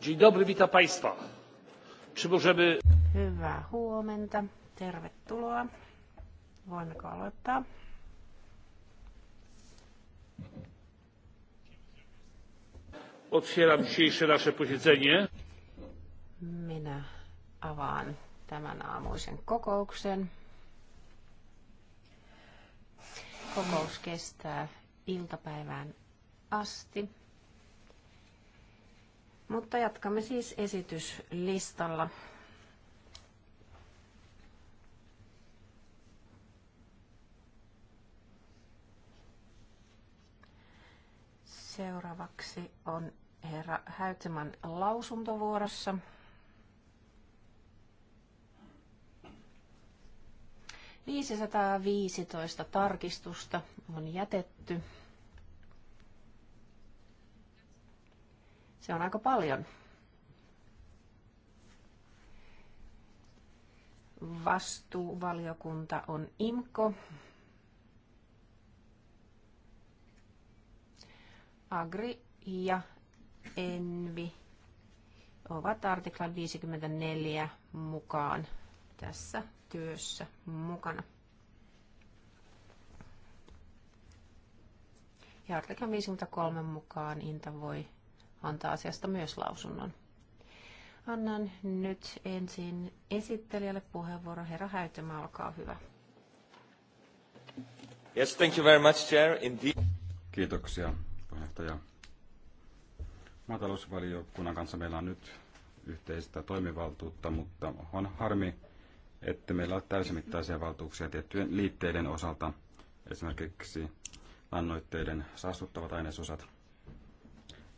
Dzień dobry, witam Państwa. Czy możemy... Hyvää huomenta. Tervetuloa. Voimmeko aloittaa? Otwieram dzisiejsze nasze posiedzenie. Minä avaan tämän aamuisen kokouksen. Kokous kestää iltapäivään asti. Mutta jatkamme siis esityslistalla. Seuraavaksi on herra Häytsemän lausuntovuorossa. Viisisataaviisitoista tarkistusta on jätetty. Se on aika paljon. Vastuuvaliokunta on IMKO. Agri ja Envi ovat artiklan 54 mukaan tässä työssä mukana. Ja artiklan 53 mukaan Inta voi antaa asiasta myös lausunnon. Annan nyt ensin esittelijälle puheenvuoron. Herra Häytömä, olkaa hyvä. Yes, thank you very much, Chair. Indeed. Kiitoksia, puheenjohtaja. Maatalousvaliokunnan kanssa meillä on nyt yhteistä toimivaltuutta, mutta on harmi, että meillä on täysimittaisia valtuuksia tiettyjen liitteiden osalta, esimerkiksi lannoitteiden saastuttavat ainesosat –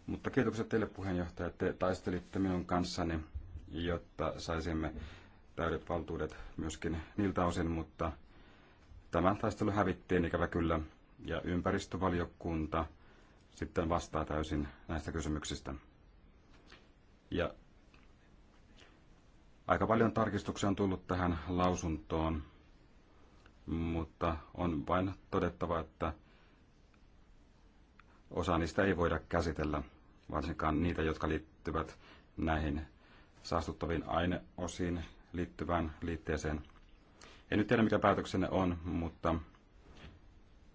mutta kiitokset teille puheenjohtaja, että te taistelitte minun kanssani, jotta saisimme täydet valtuudet myöskin niiltä osin, mutta tämä taistelu hävittiin ikävä kyllä ja ympäristövaliokunta sitten vastaa täysin näistä kysymyksistä. Ja aika paljon tarkistuksia on tullut tähän lausuntoon, mutta on vain todettava, että osa niistä ei voida käsitellä varsinkaan niitä, jotka liittyvät näihin saastuttaviin aineosiin liittyvään liitteeseen. En nyt tiedä, mikä päätöksenne on, mutta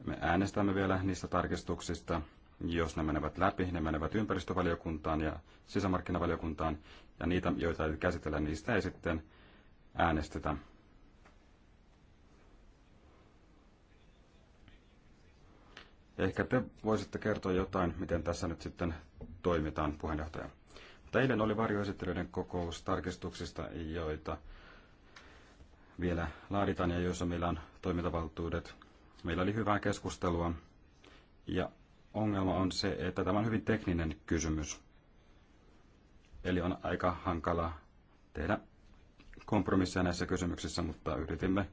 me äänestämme vielä niistä tarkistuksista. Jos ne menevät läpi, ne menevät ympäristövaliokuntaan ja sisämarkkinavaliokuntaan, ja niitä, joita ei käsitellä, niistä ei sitten äänestetä. Ehkä te voisitte kertoa jotain, miten tässä nyt sitten toimitaan, puheenjohtaja. Mutta eilen oli varjoesittelyiden kokous tarkistuksista, joita vielä laaditaan ja joissa meillä on toimintavaltuudet. Meillä oli hyvää keskustelua ja ongelma on se, että tämä on hyvin tekninen kysymys. Eli on aika hankala tehdä kompromisseja näissä kysymyksissä, mutta yritimme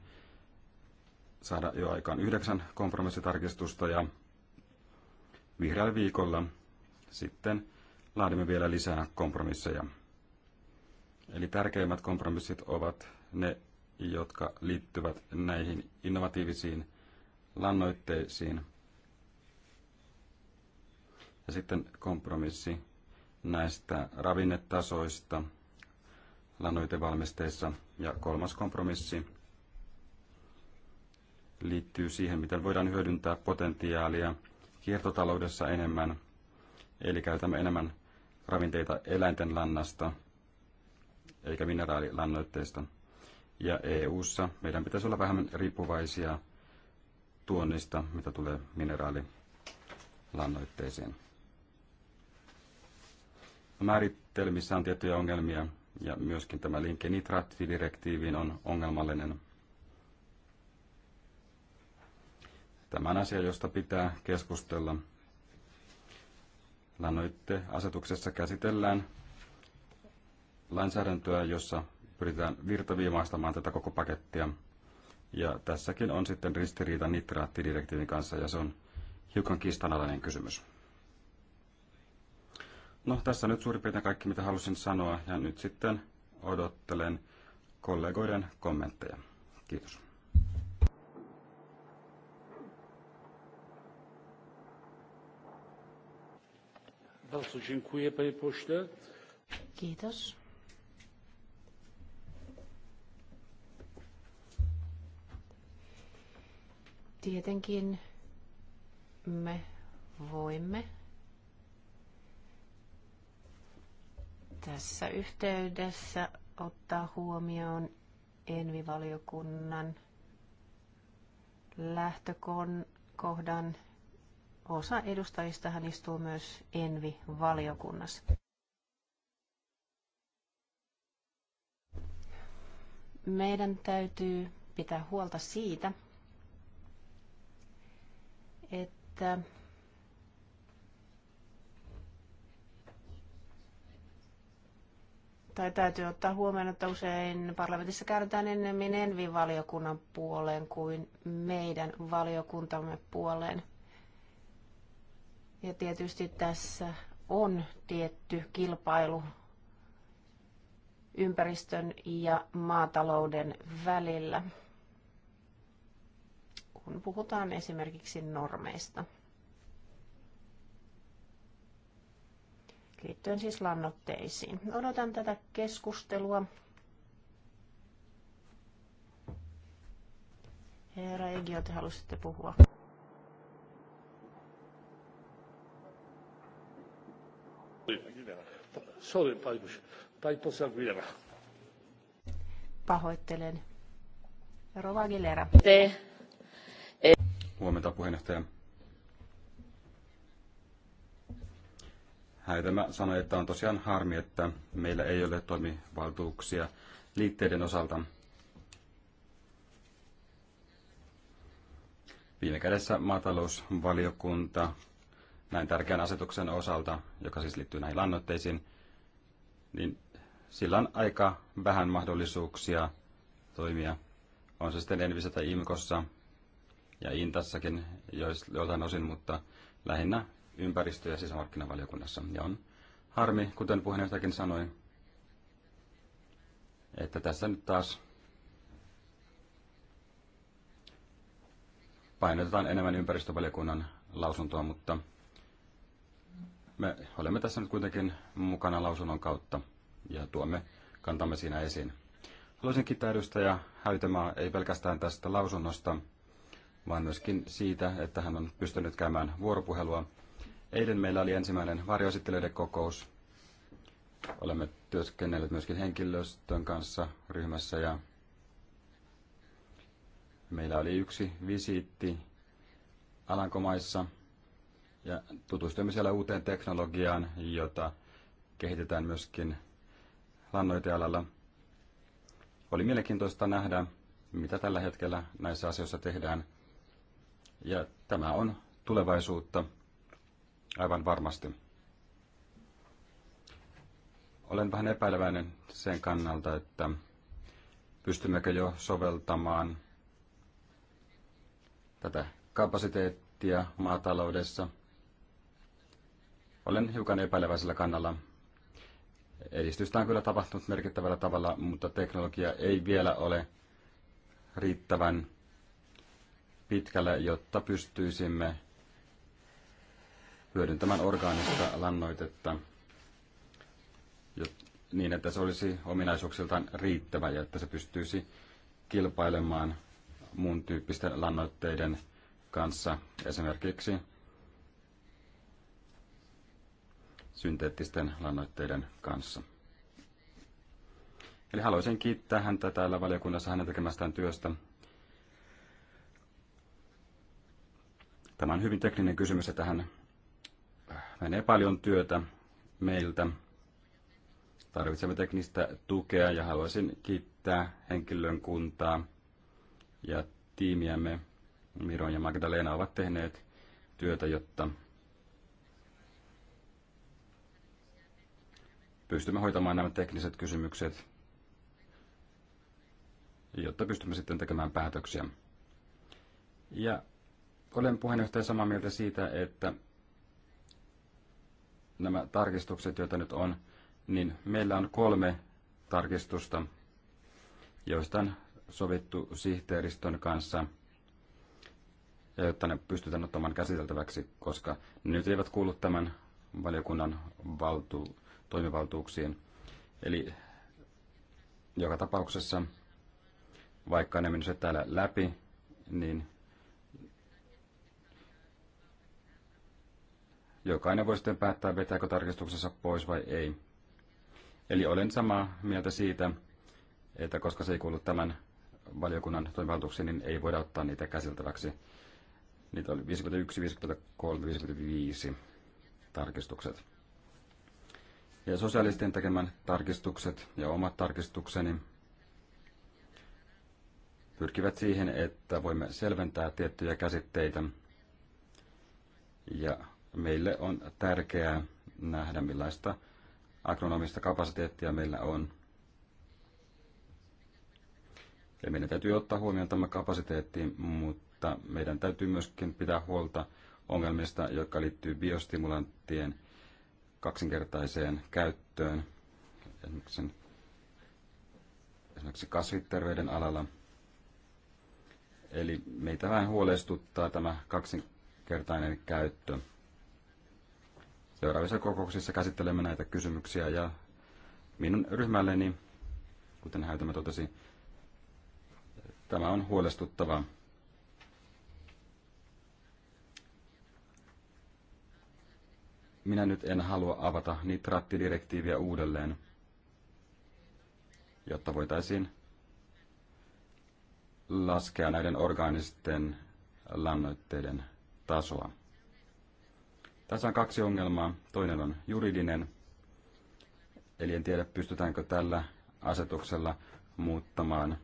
saada jo aikaan yhdeksän kompromissitarkistusta ja vihreällä viikolla sitten laadimme vielä lisää kompromisseja. Eli tärkeimmät kompromissit ovat ne, jotka liittyvät näihin innovatiivisiin lannoitteisiin. Ja sitten kompromissi näistä ravinnetasoista lannoitevalmisteissa. Ja kolmas kompromissi liittyy siihen, miten voidaan hyödyntää potentiaalia kiertotaloudessa enemmän Eli käytämme enemmän ravinteita eläinten lannasta eikä mineraalilannoitteista. Ja EU:ssa meidän pitäisi olla vähemmän riippuvaisia tuonnista, mitä tulee mineraalilannoitteisiin. Määritelmissä on tiettyjä ongelmia ja myöskin tämä linkki nitraattidirektiiviin on ongelmallinen. Tämä on asia, josta pitää keskustella Lannoitte, asetuksessa käsitellään lainsäädäntöä, jossa pyritään virtaviimaistamaan tätä koko pakettia. Ja tässäkin on sitten ristiriita nitraattidirektiivin kanssa, ja se on hiukan kiistanalainen kysymys. No, tässä nyt suurin piirtein kaikki, mitä halusin sanoa, ja nyt sitten odottelen kollegoiden kommentteja. Kiitos. Bardzo dziękuję, panie pośle. Kiitos. Tietenkin me voimme tässä yhteydessä ottaa huomioon Envivaliokunnan lähtökohdan osa edustajista hän istuu myös Envi-valiokunnassa. Meidän täytyy pitää huolta siitä, että tai täytyy ottaa huomioon, että usein parlamentissa käydään ennemmin Envi-valiokunnan puoleen kuin meidän valiokuntamme puoleen – ja tietysti tässä on tietty kilpailu ympäristön ja maatalouden välillä, kun puhutaan esimerkiksi normeista. Liittyen siis lannoitteisiin. Odotan tätä keskustelua. Herra Egio, halusitte puhua. Sorry, pani, pani poseł Aguilera. Pahoittelen. Rova Aguilera. Huomenta puheenjohtaja. Häitämä sanoi, että on tosiaan harmi, että meillä ei ole toimivaltuuksia liitteiden osalta. Viime kädessä maatalousvaliokunta näin tärkeän asetuksen osalta, joka siis liittyy näihin lannoitteisiin, niin sillä on aika vähän mahdollisuuksia toimia. On se sitten Envissä tai Imkossa ja Intassakin joiltain osin, mutta lähinnä ympäristö- ja sisämarkkinavaliokunnassa. Ja on harmi, kuten puheenjohtajakin sanoi, että tässä nyt taas painotetaan enemmän ympäristövaliokunnan lausuntoa, mutta me olemme tässä nyt kuitenkin mukana lausunnon kautta ja tuomme kantamme siinä esiin. Haluaisin kiittää edustaja Häytemaa ei pelkästään tästä lausunnosta, vaan myöskin siitä, että hän on pystynyt käymään vuoropuhelua. Eilen meillä oli ensimmäinen varjoesittelijöiden kokous. Olemme työskennelleet myöskin henkilöstön kanssa ryhmässä ja meillä oli yksi visiitti Alankomaissa – ja tutustuimme siellä uuteen teknologiaan, jota kehitetään myöskin lannoitealalla. Oli mielenkiintoista nähdä, mitä tällä hetkellä näissä asioissa tehdään. Ja tämä on tulevaisuutta aivan varmasti. Olen vähän epäileväinen sen kannalta, että pystymmekö jo soveltamaan tätä kapasiteettia maataloudessa – olen hiukan epäileväisellä kannalla. Edistystä on kyllä tapahtunut merkittävällä tavalla, mutta teknologia ei vielä ole riittävän pitkälle, jotta pystyisimme hyödyntämään orgaanista lannoitetta niin, että se olisi ominaisuuksiltaan riittävä ja että se pystyisi kilpailemaan muun tyyppisten lannoitteiden kanssa, esimerkiksi synteettisten lannoitteiden kanssa. Eli haluaisin kiittää häntä täällä valiokunnassa hänen tekemästään työstä. Tämä on hyvin tekninen kysymys, että hän menee paljon työtä meiltä. Tarvitsemme teknistä tukea ja haluaisin kiittää henkilökuntaa ja tiimiämme. Miron ja Magdalena ovat tehneet työtä, jotta pystymme hoitamaan nämä tekniset kysymykset, jotta pystymme sitten tekemään päätöksiä. Ja olen puheenjohtaja samaa mieltä siitä, että nämä tarkistukset, joita nyt on, niin meillä on kolme tarkistusta, joista on sovittu sihteeristön kanssa, jotta ne pystytään ottamaan käsiteltäväksi, koska ne nyt eivät kuulu tämän valiokunnan valtu- toimivaltuuksiin. Eli joka tapauksessa, vaikka ne menisivät täällä läpi, niin jokainen voi sitten päättää, vetääkö tarkistuksessa pois vai ei. Eli olen samaa mieltä siitä, että koska se ei kuulu tämän valiokunnan toimivaltuuksiin, niin ei voida ottaa niitä käsiltäväksi. Niitä oli 51, 53, 55 tarkistukset ja sosialistien tekemän tarkistukset ja omat tarkistukseni pyrkivät siihen, että voimme selventää tiettyjä käsitteitä. Ja meille on tärkeää nähdä, millaista agronomista kapasiteettia meillä on. Ja meidän täytyy ottaa huomioon tämä kapasiteetti, mutta meidän täytyy myöskin pitää huolta ongelmista, jotka liittyy biostimulanttien kaksinkertaiseen käyttöön, esimerkiksi, esimerkiksi kasviterveyden alalla. Eli meitä vähän huolestuttaa tämä kaksinkertainen käyttö. Seuraavissa kokouksissa käsittelemme näitä kysymyksiä ja minun ryhmälleni, kuten Häytämä totesi, tämä on huolestuttavaa. minä nyt en halua avata nitraattidirektiiviä uudelleen, jotta voitaisiin laskea näiden orgaanisten lannoitteiden tasoa. Tässä on kaksi ongelmaa. Toinen on juridinen, eli en tiedä pystytäänkö tällä asetuksella muuttamaan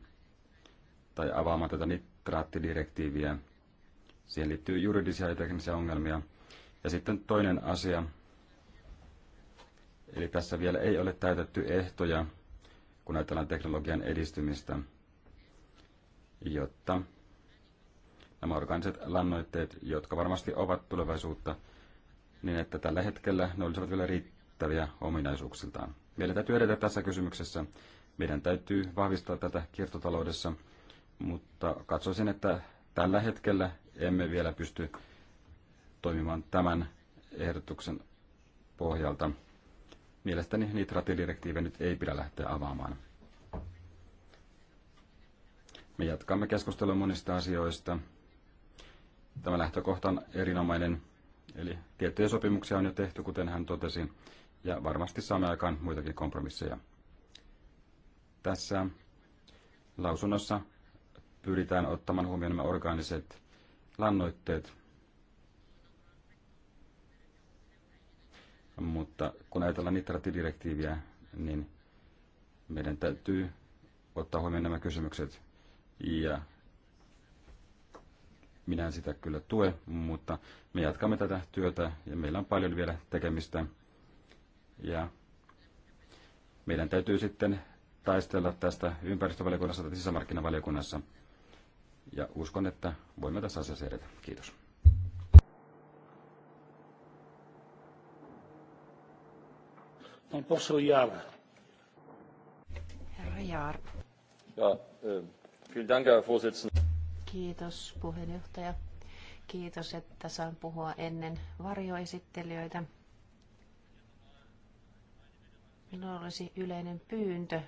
tai avaamaan tätä nitraattidirektiiviä. Siihen liittyy juridisia ja teknisiä ongelmia. Ja sitten toinen asia, eli tässä vielä ei ole täytetty ehtoja, kun ajatellaan teknologian edistymistä, jotta nämä organiset lannoitteet, jotka varmasti ovat tulevaisuutta, niin että tällä hetkellä ne olisivat vielä riittäviä ominaisuuksiltaan. Meidän täytyy edetä tässä kysymyksessä. Meidän täytyy vahvistaa tätä kiertotaloudessa, mutta katsoisin, että tällä hetkellä emme vielä pysty toimimaan tämän ehdotuksen pohjalta. Mielestäni nitraattidirektiivejä nyt ei pidä lähteä avaamaan. Me jatkamme keskustelua monista asioista. Tämä lähtökohta on erinomainen, eli tiettyjä sopimuksia on jo tehty, kuten hän totesi, ja varmasti saamme aikaan muitakin kompromisseja. Tässä lausunnossa pyritään ottamaan huomioon nämä orgaaniset lannoitteet, Mutta kun ajatellaan nitraattidirektiiviä, niin meidän täytyy ottaa huomioon nämä kysymykset. Ja minä en sitä kyllä tue, mutta me jatkamme tätä työtä ja meillä on paljon vielä tekemistä. Ja meidän täytyy sitten taistella tästä ympäristövaliokunnassa tai sisämarkkinavaliokunnassa. Ja uskon, että voimme tässä asiassa edetä. Kiitos. Herra e, Herr Kiitos puheenjohtaja. Kiitos, että saan puhua ennen varjoesittelijöitä. Minulla olisi yleinen pyyntö,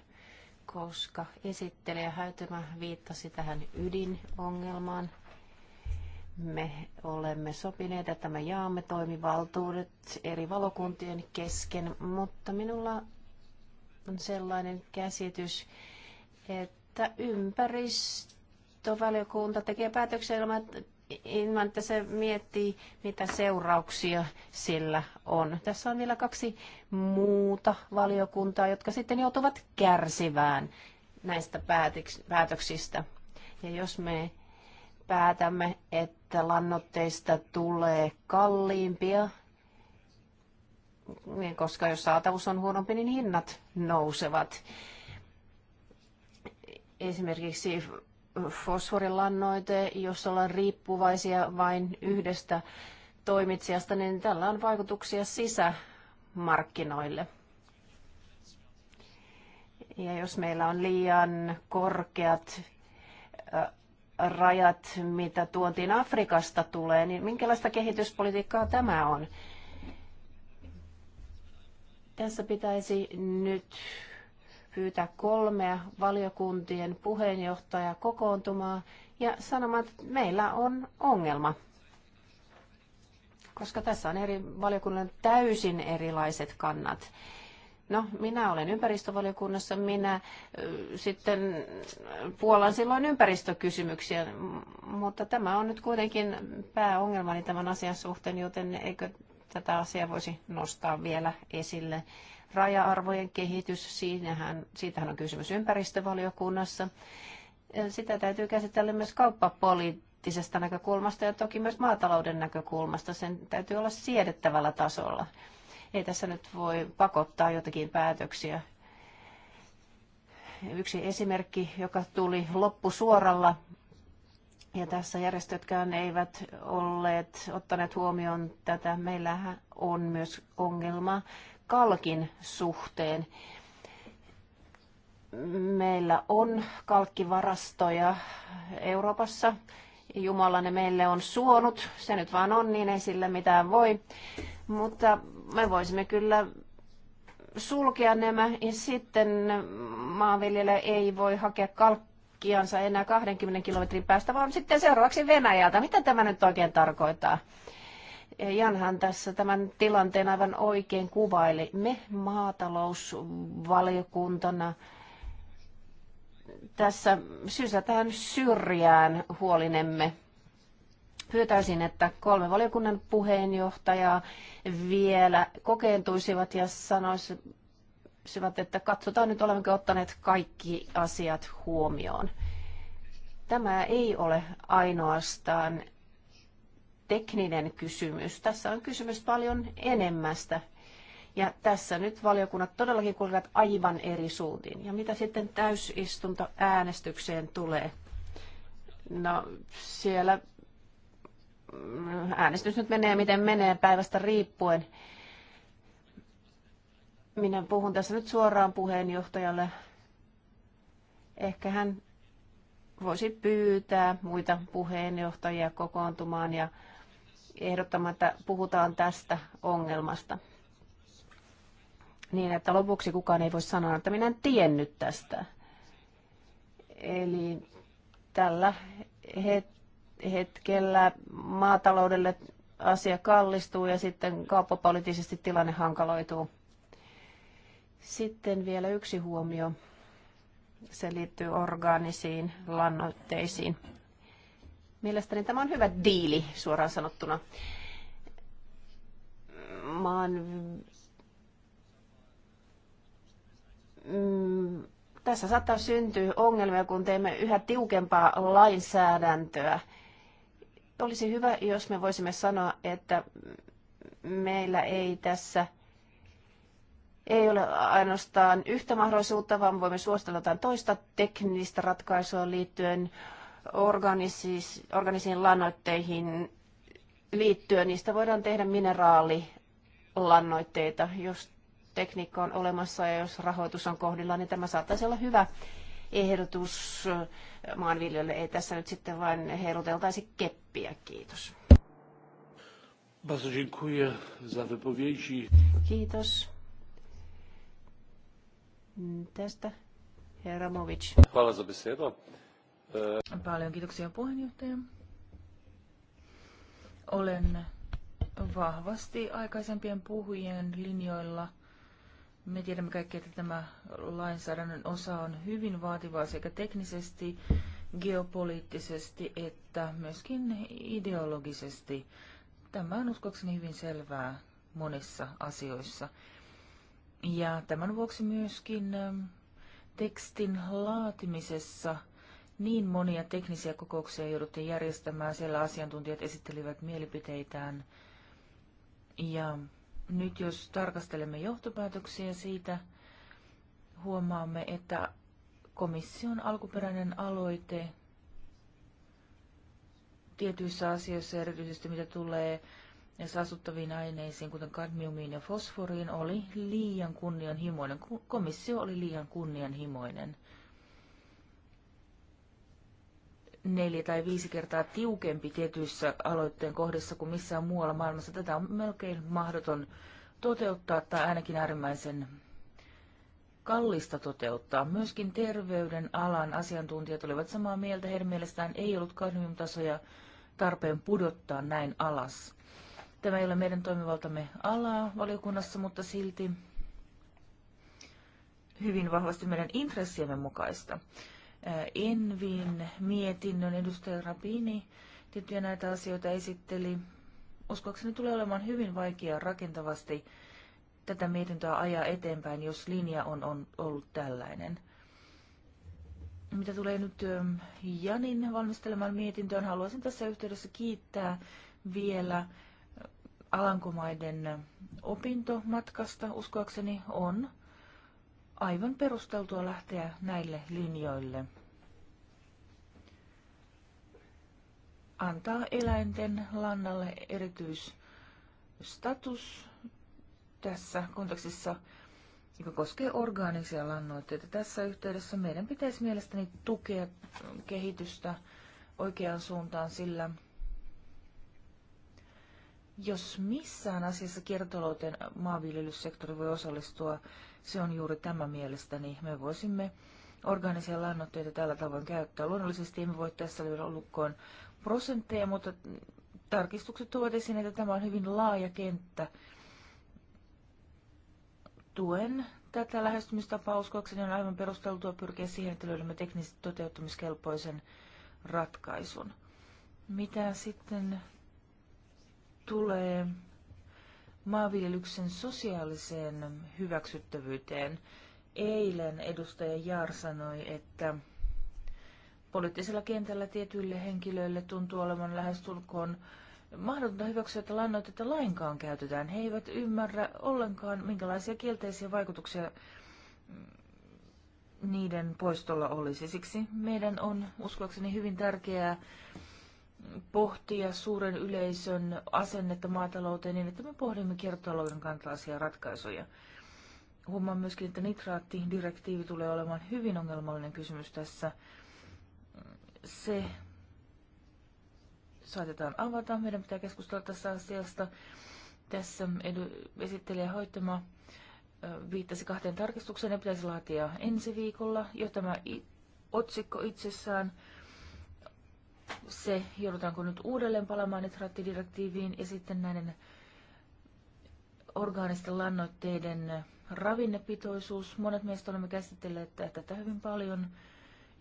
koska esittelijä Häytömä viittasi tähän ydinongelmaan – me olemme sopineet, että me jaamme toimivaltuudet eri valokuntien kesken, mutta minulla on sellainen käsitys, että ympäristövaliokunta tekee päätöksiä ilman, että se miettii, mitä seurauksia sillä on. Tässä on vielä kaksi muuta valiokuntaa, jotka sitten joutuvat kärsivään näistä päätöksistä. Ja jos me päätämme, että lannoitteista tulee kalliimpia, koska jos saatavuus on huonompi, niin hinnat nousevat. Esimerkiksi fosforilannoite, jos ollaan riippuvaisia vain yhdestä toimitsijasta, niin tällä on vaikutuksia sisämarkkinoille. Ja jos meillä on liian korkeat rajat, mitä tuontiin Afrikasta tulee, niin minkälaista kehityspolitiikkaa tämä on? Tässä pitäisi nyt pyytää kolmea valiokuntien puheenjohtajaa kokoontumaan ja sanomaan, että meillä on ongelma. Koska tässä on eri valiokunnan täysin erilaiset kannat. No, minä olen ympäristövaliokunnassa, minä sitten puolan silloin ympäristökysymyksiä, mutta tämä on nyt kuitenkin pääongelmani tämän asian suhteen, joten eikö tätä asiaa voisi nostaa vielä esille. Raja-arvojen kehitys, siinähän, siitähän on kysymys ympäristövaliokunnassa. Sitä täytyy käsitellä myös kauppapoliittisesta näkökulmasta ja toki myös maatalouden näkökulmasta. Sen täytyy olla siedettävällä tasolla. Ei tässä nyt voi pakottaa jotakin päätöksiä. Yksi esimerkki, joka tuli loppusuoralla, ja tässä järjestötkään eivät olleet ottaneet huomioon tätä. Meillähän on myös ongelma kalkin suhteen. Meillä on kalkkivarastoja Euroopassa. Jumala ne meille on suonut. Se nyt vaan on, niin ei sillä mitään voi. Mutta me voisimme kyllä sulkea nämä ja sitten maanviljelijä ei voi hakea kalkkiansa enää 20 kilometrin päästä, vaan sitten seuraavaksi Venäjältä. Mitä tämä nyt oikein tarkoittaa? Janhan tässä tämän tilanteen aivan oikein kuvaili. Me maatalousvaliokuntana tässä sysätään syrjään huolinemme Pyytäisin, että kolme valiokunnan puheenjohtajaa vielä kokeentuisivat ja sanoisivat, että katsotaan nyt olemmeko ottaneet kaikki asiat huomioon. Tämä ei ole ainoastaan tekninen kysymys. Tässä on kysymys paljon enemmästä. Ja tässä nyt valiokunnat todellakin kulkevat aivan eri suuntiin. Ja mitä sitten täysistunto äänestykseen tulee? No siellä äänestys nyt menee miten menee päivästä riippuen. Minä puhun tässä nyt suoraan puheenjohtajalle. Ehkä hän voisi pyytää muita puheenjohtajia kokoontumaan ja ehdottamaan, että puhutaan tästä ongelmasta. Niin, että lopuksi kukaan ei voi sanoa, että minä en tiennyt tästä. Eli tällä hetkellä hetkellä maataloudelle asia kallistuu ja sitten kauppapoliittisesti tilanne hankaloituu. Sitten vielä yksi huomio. Se liittyy orgaanisiin lannoitteisiin. Mielestäni tämä on hyvä diili, suoraan sanottuna. Maan... Mm, tässä saattaa syntyä ongelmia, kun teemme yhä tiukempaa lainsäädäntöä – olisi hyvä, jos me voisimme sanoa, että meillä ei tässä ei ole ainoastaan yhtä mahdollisuutta, vaan voimme suositella jotain toista teknistä ratkaisua liittyen organisiin lannoitteihin liittyen. Niistä voidaan tehdä mineraalilannoitteita, jos tekniikka on olemassa ja jos rahoitus on kohdillaan, niin tämä saattaisi olla hyvä ehdotus maanviljelijöille. Ei tässä nyt sitten vain heiluteltaisi keppiä. Kiitos. Kiitos. Tästä herra Movic. E, Paljon kiitoksia puheenjohtaja. Olen vahvasti aikaisempien puhujien linjoilla – me tiedämme kaikki, että tämä lainsäädännön osa on hyvin vaativaa sekä teknisesti, geopoliittisesti että myöskin ideologisesti. Tämä on uskokseni hyvin selvää monissa asioissa. Ja tämän vuoksi myöskin ähm, tekstin laatimisessa niin monia teknisiä kokouksia jouduttiin järjestämään. Siellä asiantuntijat esittelivät mielipiteitään ja nyt jos tarkastelemme johtopäätöksiä siitä, huomaamme, että komission alkuperäinen aloite tietyissä asioissa, erityisesti mitä tulee saastuttaviin aineisiin, kuten kadmiumiin ja fosforiin, oli liian kunnianhimoinen. Komissio oli liian kunnianhimoinen. neljä tai viisi kertaa tiukempi tietyissä aloitteen kohdissa kuin missään muualla maailmassa. Tätä on melkein mahdoton toteuttaa tai ainakin äärimmäisen kallista toteuttaa. Myöskin terveydenalan asiantuntijat olivat samaa mieltä. Heidän mielestään ei ollut kadmiumtasoja tarpeen pudottaa näin alas. Tämä ei ole meidän toimivaltamme alaa valiokunnassa, mutta silti hyvin vahvasti meidän intressiemme mukaista. Envin mietinnön edustaja Rabini tiettyjä näitä asioita esitteli. Uskoakseni tulee olemaan hyvin vaikea rakentavasti tätä mietintöä ajaa eteenpäin, jos linja on, on ollut tällainen. Mitä tulee nyt ähm, Janin valmistelemaan mietintöön, haluaisin tässä yhteydessä kiittää vielä äh, Alankomaiden opintomatkasta. Uskoakseni on aivan perusteltua lähteä näille linjoille. Antaa eläinten lannalle erityisstatus tässä kontekstissa, joka koskee orgaanisia lannoitteita. Tässä yhteydessä meidän pitäisi mielestäni tukea kehitystä oikeaan suuntaan, sillä jos missään asiassa kiertotalouteen maanviljelyssektori voi osallistua se on juuri tämä mielestäni. Me voisimme organisia lannoitteita tällä tavoin käyttää. Luonnollisesti emme voi tässä lyödä lukkoon prosentteja, mutta tarkistukset tuovat esiin, että tämä on hyvin laaja kenttä. Tuen tätä lähestymistapaa uskoakseni on aivan perusteltua pyrkiä siihen, että löydämme teknisesti toteuttamiskelpoisen ratkaisun. Mitä sitten tulee maanviljelyksen sosiaaliseen hyväksyttävyyteen. Eilen edustaja Jaar sanoi, että poliittisella kentällä tietyille henkilöille tuntuu olevan lähestulkoon mahdotonta hyväksyä, että lannoitetta lainkaan käytetään. He eivät ymmärrä ollenkaan, minkälaisia kielteisiä vaikutuksia niiden poistolla olisi. Siksi meidän on uskoakseni hyvin tärkeää pohtia suuren yleisön asennetta maatalouteen niin, että me pohdimme kiertotalouden kantalaisia ratkaisuja. Huomaan myöskin, että nitraattidirektiivi tulee olemaan hyvin ongelmallinen kysymys tässä. Se saatetaan avata. Meidän pitää keskustella tässä asiasta. Tässä edu- esittelijä hoitama viittasi kahteen tarkistukseen. Ne pitäisi laatia ensi viikolla jo tämä otsikko itsessään – se, joudutaanko nyt uudelleen palaamaan nitraattidirektiiviin ja sitten näiden orgaanisten lannoitteiden ravinnepitoisuus. Monet meistä olemme käsitelleet tätä hyvin paljon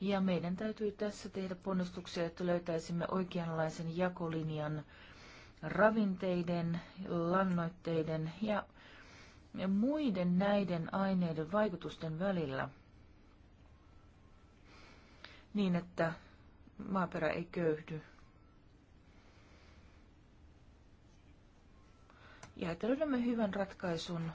ja meidän täytyy tässä tehdä ponnistuksia, että löytäisimme oikeanlaisen jakolinjan ravinteiden, lannoitteiden ja muiden näiden aineiden vaikutusten välillä niin, että maaperä ei köyhdy. Ja että löydämme hyvän ratkaisun,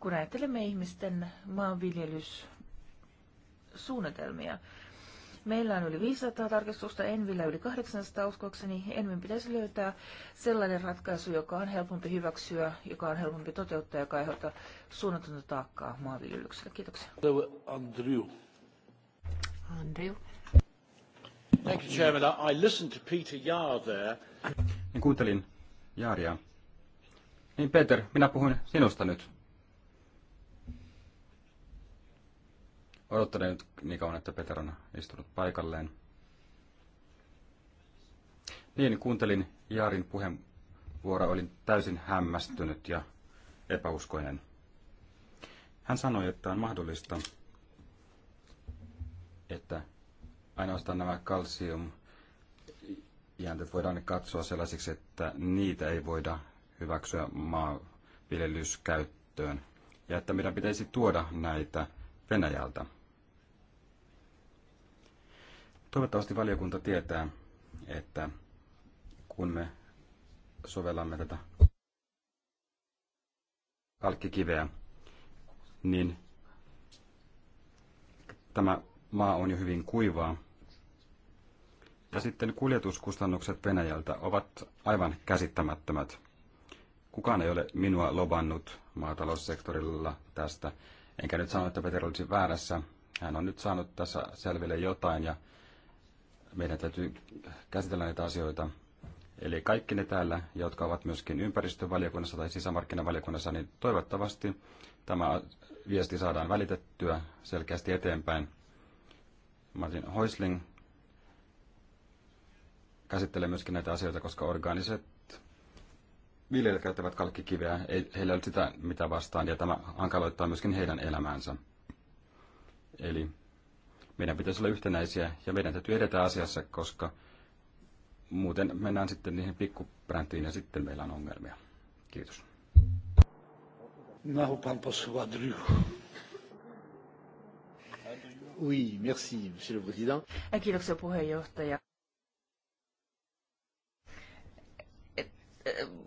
kun ajattelemme ihmisten maanviljelyssuunnitelmia. Meillä on yli 500 tarkistusta, Envillä yli 800 uskokseni. Envin pitäisi löytää sellainen ratkaisu, joka on helpompi hyväksyä, joka on helpompi toteuttaa ja joka aiheuttaa suunnatonta taakkaa maanviljelykselle. Kiitoksia. Andrew. Andrew. Thank you, Chairman. I listened to Peter Jaar there. Niin kuuntelin Jaaria. Niin Peter, minä puhun sinusta nyt. Odottelen nyt niin kauan, että Peter on istunut paikalleen. Niin, kuuntelin Jaarin puheenvuoroa, olin täysin hämmästynyt ja epäuskoinen. Hän sanoi, että on mahdollista, että ainoastaan nämä kalsium jäänteet voidaan katsoa sellaisiksi, että niitä ei voida hyväksyä maanviljelyskäyttöön ja että meidän pitäisi tuoda näitä Venäjältä. Toivottavasti valiokunta tietää, että kun me sovellamme tätä kalkkikiveä, niin tämä maa on jo hyvin kuivaa. Ja sitten kuljetuskustannukset Venäjältä ovat aivan käsittämättömät. Kukaan ei ole minua lobannut maataloussektorilla tästä. Enkä nyt sano, että Peter olisi väärässä. Hän on nyt saanut tässä selville jotain ja meidän täytyy käsitellä näitä asioita. Eli kaikki ne täällä, jotka ovat myöskin ympäristövaliokunnassa tai sisämarkkinavaliokunnassa, niin toivottavasti tämä viesti saadaan välitettyä selkeästi eteenpäin. Martin Häusling käsittelee myöskin näitä asioita, koska organiset viljelijät käyttävät kalkkikiveä, ei, heillä ei ole sitä mitä vastaan, ja tämä hankaloittaa myöskin heidän elämäänsä. Eli meidän pitäisi olla yhtenäisiä, ja meidän täytyy edetä asiassa, koska muuten mennään sitten niihin pikkupräntiin, ja sitten meillä on ongelmia. Kiitos. Nahu pan Oui, merci, monsieur le président. Äh, kiitoksia puheenjohtaja. Äh,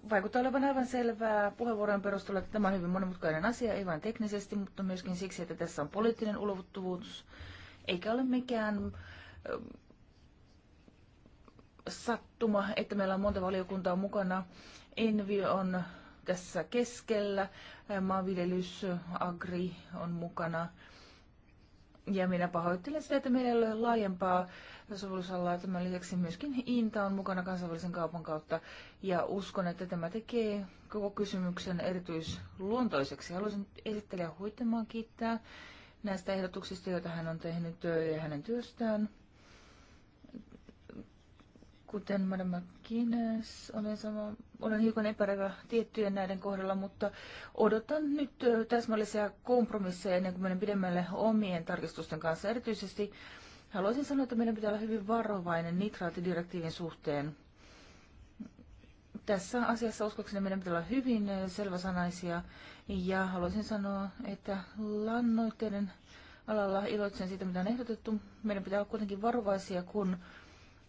vaikuttaa olevan aivan selvää puheenvuorojen perusteella, että tämä on hyvin monimutkainen asia, ei vain teknisesti, mutta myöskin siksi, että tässä on poliittinen ulottuvuus, eikä ole mikään äh, sattuma, että meillä on monta valiokuntaa mukana. Envi on tässä keskellä, maanviljelys, agri on mukana. Ja minä pahoittelen sitä, että meillä ei ole laajempaa sovellusalaa. Tämän lisäksi myöskin Inta on mukana kansainvälisen kaupan kautta. Ja uskon, että tämä tekee koko kysymyksen erityisluontoiseksi. Haluaisin esittelijä Huittemaan kiittää näistä ehdotuksista, joita hän on tehnyt ja hänen työstään. Kuten Madame Kines, olen, sama, olen hiukan epäräivä tiettyjen näiden kohdalla, mutta odotan nyt täsmällisiä kompromisseja ennen kuin menen pidemmälle omien tarkistusten kanssa. Erityisesti haluaisin sanoa, että meidän pitää olla hyvin varovainen nitraatidirektiivin suhteen. Tässä asiassa uskokseni meidän pitää olla hyvin selväsanaisia ja haluaisin sanoa, että lannoitteiden alalla iloitsen siitä, mitä on ehdotettu. Meidän pitää olla kuitenkin varovaisia, kun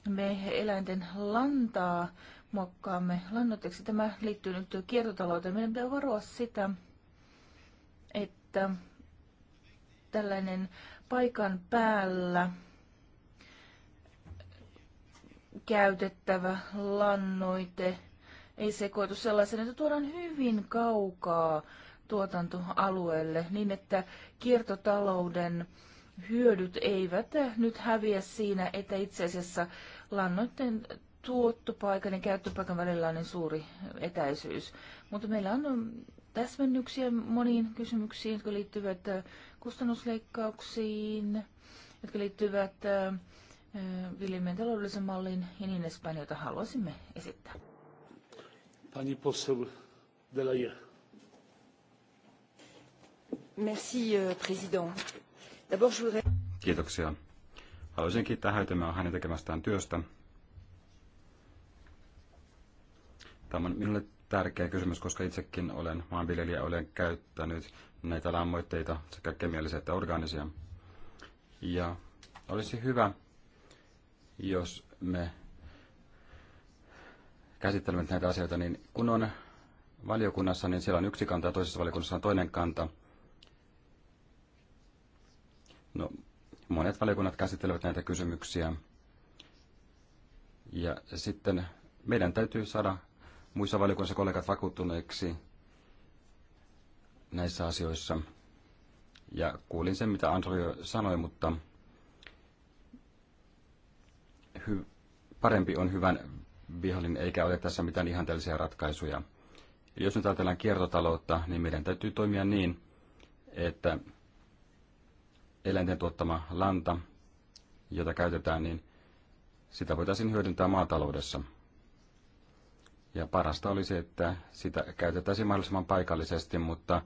me eläinten lantaa muokkaamme lannoitteeksi. Tämä liittyy nyt kiertotalouteen. Meidän pitää varoa sitä, että tällainen paikan päällä käytettävä lannoite ei sekoitu sellaisen, että tuodaan hyvin kaukaa tuotantoalueelle niin, että kiertotalouden hyödyt eivät nyt häviä siinä, että itse asiassa lannoitteen tuottopaikan niin ja käyttöpaikan välillä on niin suuri etäisyys. Mutta meillä on mm, täsmennyksiä moniin kysymyksiin, jotka liittyvät äh, kustannusleikkauksiin, jotka liittyvät äh, äh, viljelmien taloudellisen mallin ja niin edespäin, joita haluaisimme esittää. Pani poseł Delaye. Merci, euh, président. D'abord, je voudrais... Kiitoksia, Haluaisin kiittää häytymään hänen tekemästään työstä. Tämä on minulle tärkeä kysymys, koska itsekin olen maanviljelijä, olen käyttänyt näitä lammoitteita sekä kemiallisia että orgaanisia. Ja olisi hyvä, jos me käsittelemme näitä asioita, niin kun on valiokunnassa, niin siellä on yksi kanta ja toisessa valiokunnassa on toinen kanta. No, Monet valiokunnat käsittelevät näitä kysymyksiä. Ja sitten meidän täytyy saada muissa valiokunnissa kollegat vakuuttuneiksi näissä asioissa. Ja kuulin sen, mitä Andrew sanoi, mutta hy- parempi on hyvän vihollinen, eikä ole tässä mitään ihanteellisia ratkaisuja. jos nyt ajatellaan kiertotaloutta, niin meidän täytyy toimia niin, että eläinten tuottama lanta, jota käytetään, niin sitä voitaisiin hyödyntää maataloudessa. Ja parasta olisi, että sitä käytettäisiin mahdollisimman paikallisesti, mutta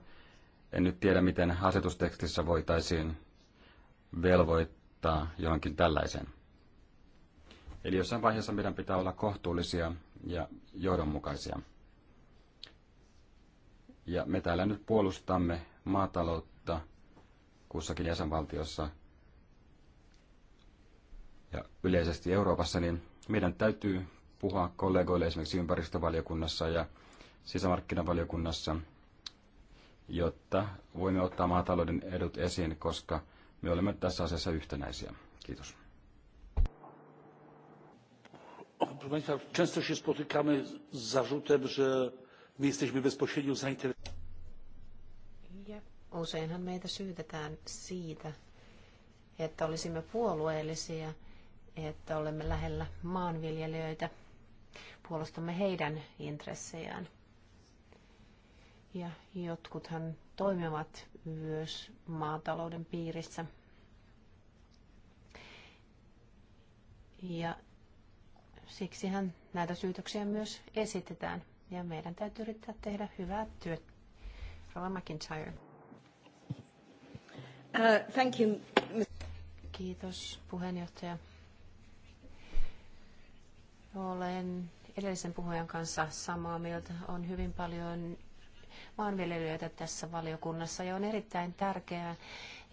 en nyt tiedä, miten asetustekstissä voitaisiin velvoittaa johonkin tällaiseen. Eli jossain vaiheessa meidän pitää olla kohtuullisia ja johdonmukaisia. Ja me täällä nyt puolustamme maataloutta – kussakin jäsenvaltiossa ja yleisesti Euroopassa, niin meidän täytyy puhua kollegoille esimerkiksi ympäristövaliokunnassa ja sisämarkkinavaliokunnassa, jotta voimme ottaa maatalouden edut esiin, koska me olemme tässä asiassa yhtenäisiä. Kiitos. Proszę Państwa, często się spotykamy z zarzutem, że my jesteśmy bezpośrednio zainteresowani. Useinhan meitä syytetään siitä, että olisimme puolueellisia, että olemme lähellä maanviljelijöitä, puolustamme heidän intressejään. Ja jotkuthan toimivat myös maatalouden piirissä. Ja siksihän näitä syytöksiä myös esitetään. Ja meidän täytyy yrittää tehdä hyvää työtä. Rova McIntyre. Uh, thank you. Kiitos puheenjohtaja. Olen edellisen puhujan kanssa samaa mieltä. On hyvin paljon maanviljelijöitä tässä valiokunnassa ja on erittäin tärkeää,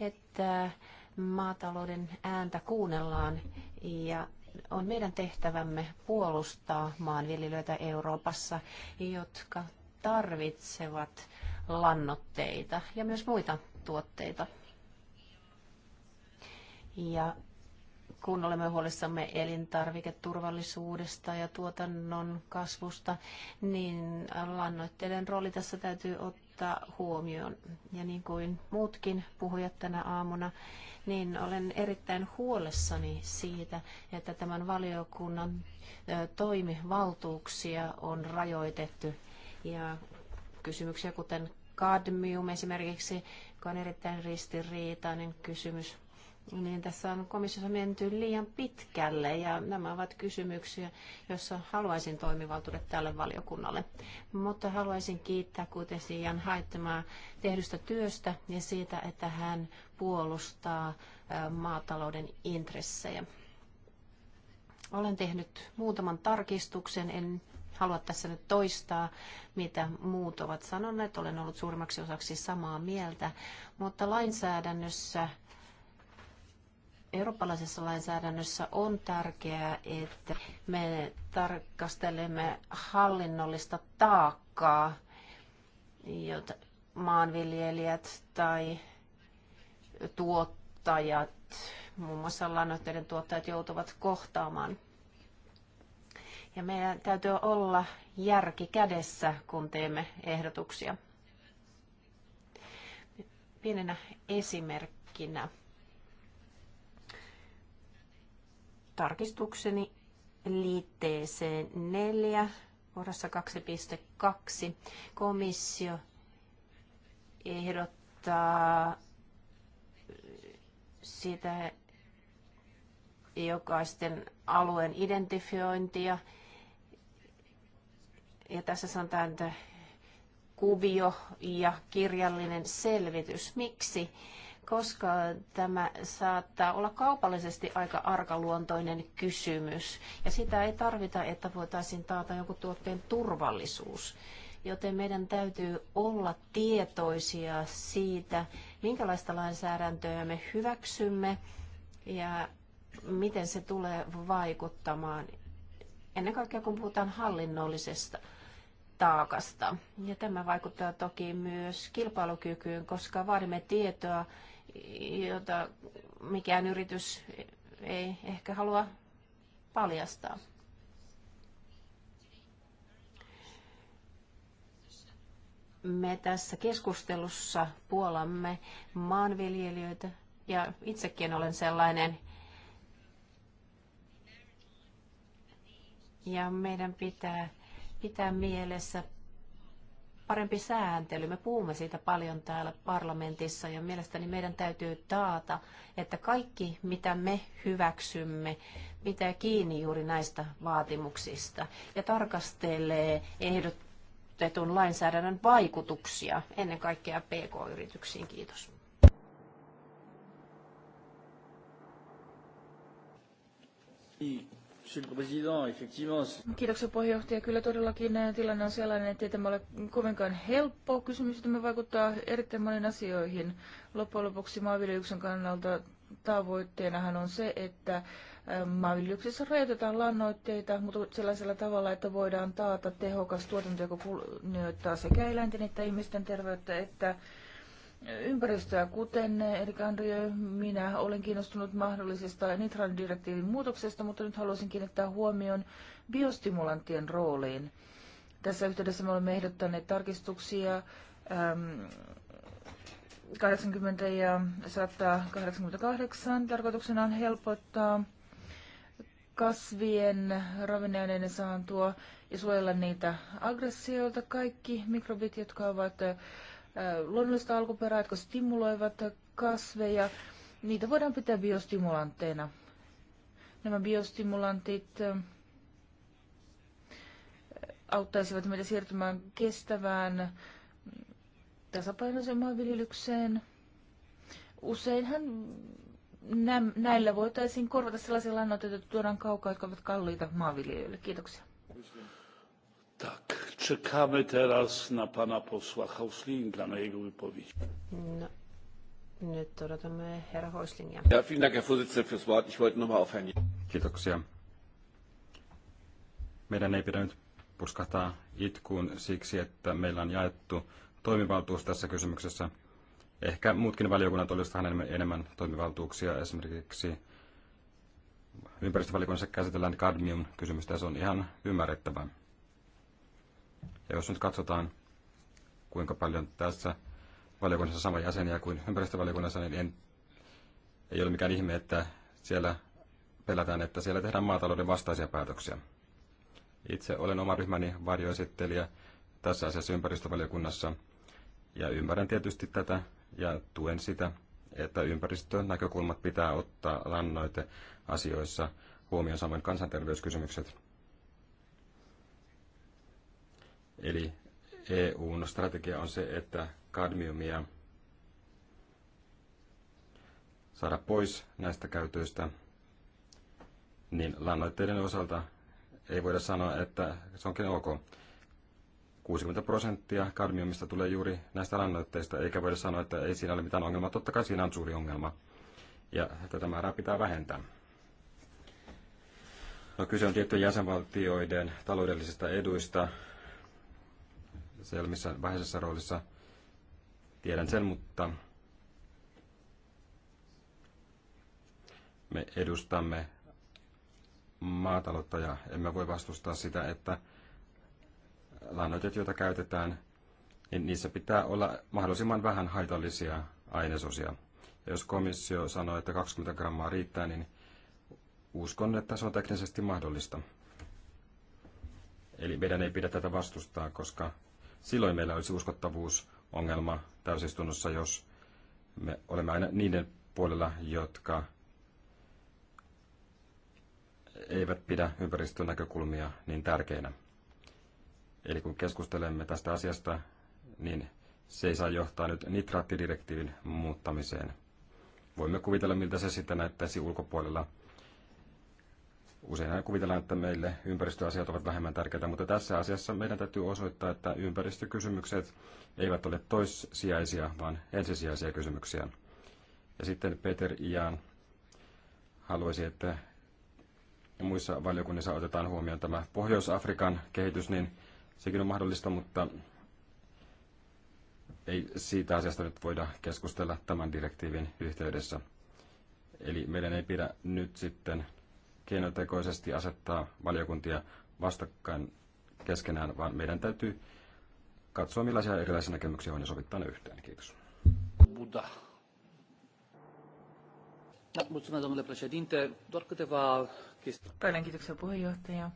että maatalouden ääntä kuunnellaan ja on meidän tehtävämme puolustaa maanviljelijöitä Euroopassa, jotka tarvitsevat lannoitteita ja myös muita tuotteita. Ja kun olemme huolissamme elintarviketurvallisuudesta ja tuotannon kasvusta, niin lannoitteiden rooli tässä täytyy ottaa huomioon. Ja niin kuin muutkin puhujat tänä aamuna, niin olen erittäin huolessani siitä, että tämän valiokunnan toimivaltuuksia on rajoitettu. Ja kysymyksiä kuten kadmium esimerkiksi, joka on erittäin ristiriitainen kysymys, No niin tässä on komissiossa menty liian pitkälle ja nämä ovat kysymyksiä, joissa haluaisin toimivaltuudet tälle valiokunnalle. Mutta haluaisin kiittää kuitenkin Jan haittamaa tehdystä työstä ja siitä, että hän puolustaa maatalouden intressejä. Olen tehnyt muutaman tarkistuksen, en halua tässä nyt toistaa, mitä muut ovat sanoneet. Olen ollut suurimmaksi osaksi samaa mieltä, mutta lainsäädännössä – eurooppalaisessa lainsäädännössä on tärkeää, että me tarkastelemme hallinnollista taakkaa, jota maanviljelijät tai tuottajat, muun muassa lannoitteiden tuottajat joutuvat kohtaamaan. Ja meidän täytyy olla järki kädessä, kun teemme ehdotuksia. Pienenä esimerkkinä tarkistukseni liitteeseen 4, kohdassa 2.2. Komissio ehdottaa sitä jokaisten alueen identifiointia. Ja tässä sanotaan, että kuvio ja kirjallinen selvitys. Miksi? koska tämä saattaa olla kaupallisesti aika arkaluontoinen kysymys. Ja sitä ei tarvita, että voitaisiin taata jonkun tuotteen turvallisuus. Joten meidän täytyy olla tietoisia siitä, minkälaista lainsäädäntöä me hyväksymme ja miten se tulee vaikuttamaan ennen kaikkea kun puhutaan hallinnollisesta taakasta. Ja tämä vaikuttaa toki myös kilpailukykyyn, koska vaadimme tietoa jota mikään yritys ei ehkä halua paljastaa. Me tässä keskustelussa puolamme maanviljelijöitä ja itsekin olen sellainen. Ja meidän pitää pitää mielessä parempi sääntely. Me puhumme siitä paljon täällä parlamentissa ja mielestäni meidän täytyy taata, että kaikki mitä me hyväksymme pitää kiinni juuri näistä vaatimuksista ja tarkastelee ehdotetun lainsäädännön vaikutuksia ennen kaikkea PK-yrityksiin. Kiitos. Kiitos. Kiitoksia puheenjohtaja. Kyllä todellakin eh, tilanne on sellainen, että ei tämä ole kovinkaan helppo kysymys, että me vaikuttaa erittäin moniin asioihin. Loppujen lopuksi maanviljelyksen kannalta tavoitteenahan on se, että eh, maanviljelyksessä rajoitetaan lannoitteita, mutta sellaisella tavalla, että voidaan taata tehokas tuotanto, joka kunnioittaa sekä eläinten että ihmisten terveyttä, että ympäristöä, kuten Erik Andrio, minä olen kiinnostunut mahdollisesta nitraadidirektiivin muutoksesta, mutta nyt haluaisin kiinnittää huomion biostimulanttien rooliin. Tässä yhteydessä me olemme ehdottaneet tarkistuksia 80 ja 188. Tarkoituksena on helpottaa kasvien ravinneaineiden saantua ja suojella niitä aggressioilta. Kaikki mikrobit, jotka ovat luonnollista alkuperää, jotka stimuloivat kasveja. Niitä voidaan pitää biostimulantteina. Nämä biostimulantit auttaisivat meitä siirtymään kestävään tasapainoiseen viljelykseen. Useinhan näillä voitaisiin korvata sellaisia lannoitteita, joita tuodaan kaukaa, jotka ovat kalliita maanviljelijöille. Kiitoksia. Tak. Czekamy teraz na pana posła Hauslinga, na jego wypowiedź. No. Nyt odotamme herra Häuslingia. Ja, vielen Dank, Herr Vorsitzender, fürs Wort. Ich wollte nochmal auf Herrn... Kiitoksia. Meidän ei pidä nyt puskahtaa itkuun siksi, että meillä on jaettu toimivaltuus tässä kysymyksessä. Ehkä muutkin valiokunnat olisivat enemmän, enemmän toimivaltuuksia. Esimerkiksi ympäristövaliokunnassa käsitellään kadmium-kysymystä ja se on ihan ymmärrettävää. Ja jos nyt katsotaan, kuinka paljon tässä valiokunnassa sama jäseniä kuin ympäristövaliokunnassa, niin en, ei ole mikään ihme, että siellä pelätään, että siellä tehdään maatalouden vastaisia päätöksiä. Itse olen oma ryhmäni varjoesittelijä tässä asiassa ympäristövaliokunnassa ja ymmärrän tietysti tätä ja tuen sitä, että ympäristön näkökulmat pitää ottaa lannoite asioissa huomioon samoin kansanterveyskysymykset. Eli EUn strategia on se, että kadmiumia saada pois näistä käytöistä, niin lannoitteiden osalta ei voida sanoa, että se onkin ok. 60 prosenttia kadmiumista tulee juuri näistä lannoitteista, eikä voida sanoa, että ei siinä ole mitään ongelmaa. Totta kai siinä on suuri ongelma, ja tätä määrää pitää vähentää. No, kyse on tiettyjen jäsenvaltioiden taloudellisista eduista se ei ole missään vähäisessä roolissa. Tiedän sen, mutta me edustamme maataloutta ja emme voi vastustaa sitä, että lannoitet, joita käytetään, niin niissä pitää olla mahdollisimman vähän haitallisia ainesosia. Ja jos komissio sanoo, että 20 grammaa riittää, niin uskon, että se on teknisesti mahdollista. Eli meidän ei pidä tätä vastustaa, koska Silloin meillä olisi uskottavuusongelma täysistunnossa, jos me olemme aina niiden puolella, jotka eivät pidä ympäristönäkökulmia niin tärkeinä. Eli kun keskustelemme tästä asiasta, niin se ei saa johtaa nyt nitraattidirektiivin muuttamiseen. Voimme kuvitella, miltä se sitten näyttäisi ulkopuolella – Usein kuvitellaan, että meille ympäristöasiat ovat vähemmän tärkeitä, mutta tässä asiassa meidän täytyy osoittaa, että ympäristökysymykset eivät ole toissijaisia, vaan ensisijaisia kysymyksiä. Ja sitten Peter Ian haluaisi, että muissa valiokunnissa otetaan huomioon tämä Pohjois-Afrikan kehitys, niin sekin on mahdollista, mutta ei siitä asiasta nyt voida keskustella tämän direktiivin yhteydessä. Eli meidän ei pidä nyt sitten keinotekoisesti asettaa valiokuntia vastakkain keskenään, vaan meidän täytyy katsoa, millaisia erilaisia näkemyksiä on ja sovittaa ne yhteen. Kiitos. Buddha. Mulțumesc, domnule președinte. Doar câteva chestii. kiitoksia puheenjohtaja.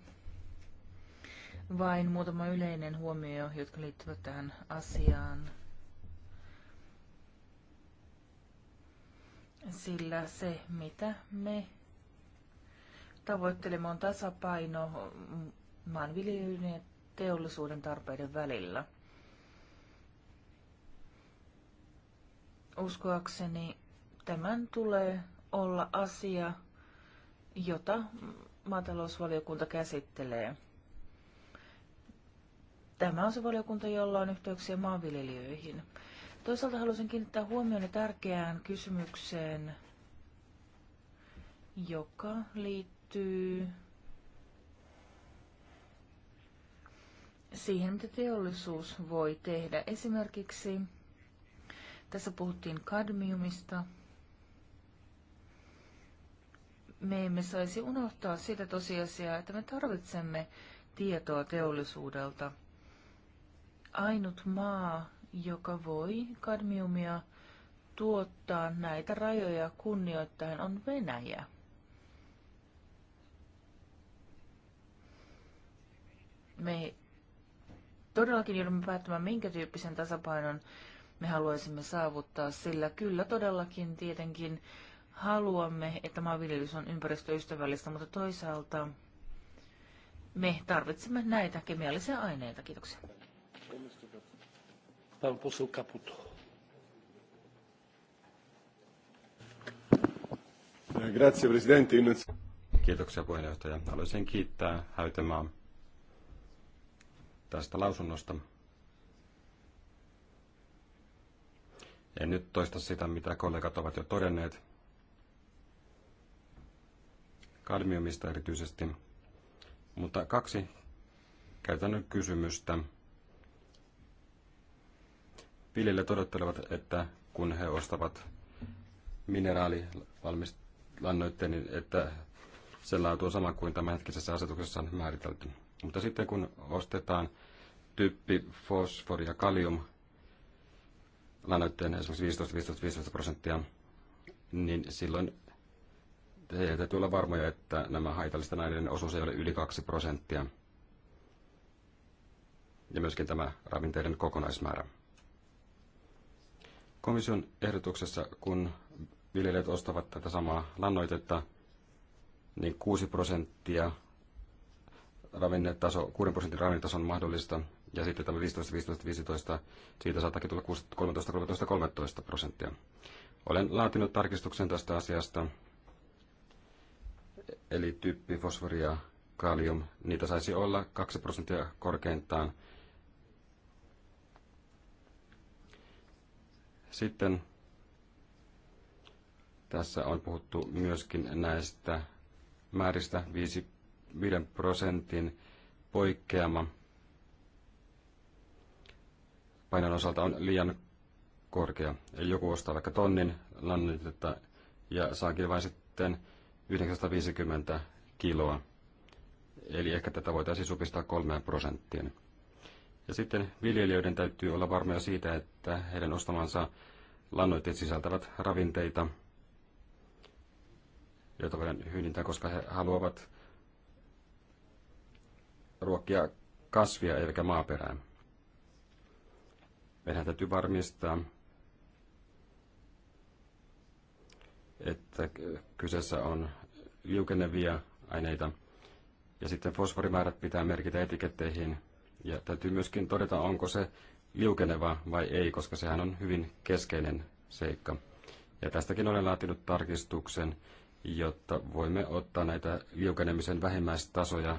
Vain muutama yleinen huomio, jotka liittyvät tähän asiaan. Sillä se, mitä me tavoittelema on tasapaino maanviljelyyn ja teollisuuden tarpeiden välillä. Uskoakseni tämän tulee olla asia, jota maatalousvaliokunta käsittelee. Tämä on se valiokunta, jolla on yhteyksiä maanviljelijöihin. Toisaalta haluaisin kiinnittää huomioon tärkeään kysymykseen, joka liittyy liittyy siihen, mitä teollisuus voi tehdä. Esimerkiksi tässä puhuttiin kadmiumista. Me emme saisi unohtaa sitä tosiasiaa, että me tarvitsemme tietoa teollisuudelta. Ainut maa, joka voi kadmiumia tuottaa näitä rajoja kunnioittain, on Venäjä. me todellakin joudumme päättämään, minkä tyyppisen tasapainon me haluaisimme saavuttaa, sillä kyllä todellakin tietenkin haluamme, että maanviljelys on ympäristöystävällistä, mutta toisaalta me tarvitsemme näitä kemiallisia aineita. Kiitoksia. Grazie, Kiitoksia puheenjohtaja. Haluaisin kiittää häytämään tästä lausunnosta. En nyt toista sitä, mitä kollegat ovat jo todenneet. Kadmiumista erityisesti. Mutta kaksi käytännön kysymystä. Viljelijät odottelevat, että kun he ostavat niin että se laatu on sama kuin tämänhetkisessä asetuksessa on määritelty. Mutta sitten kun ostetaan typpi, fosfori ja kalium lannoitteen esimerkiksi 15-15-15 prosenttia, niin silloin teidän täytyy olla varmoja, että nämä haitallisten aineiden osuus ei ole yli 2 prosenttia. Ja myöskin tämä ravinteiden kokonaismäärä. Komission ehdotuksessa, kun viljelijät ostavat tätä samaa lannoitetta, niin 6 prosenttia ravinnetaso, 6 prosentin ravinnetason mahdollista, ja sitten tämä 15, 15, 15, siitä saattakin tulla 13, 13, 13 prosenttia. Olen laatinut tarkistuksen tästä asiasta, eli tyyppi, fosfori ja kalium, niitä saisi olla 2 prosenttia korkeintaan. Sitten tässä on puhuttu myöskin näistä määristä 5 5 prosentin poikkeama painon osalta on liian korkea. Eli joku ostaa vaikka tonnin lannitetta ja saakin vain sitten 950 kiloa. Eli ehkä tätä voitaisiin supistaa 3 prosenttiin. Ja sitten viljelijöiden täytyy olla varmoja siitä, että heidän ostamansa lannoitteet sisältävät ravinteita, joita voidaan hyödyntää, koska he haluavat ruokkia kasvia eikä maaperää. Meidän täytyy varmistaa, että kyseessä on liukenevia aineita. Ja sitten fosforimäärät pitää merkitä etiketteihin. Ja täytyy myöskin todeta, onko se liukeneva vai ei, koska sehän on hyvin keskeinen seikka. Ja tästäkin olen laatinut tarkistuksen, jotta voimme ottaa näitä liukenemisen vähimmäistasoja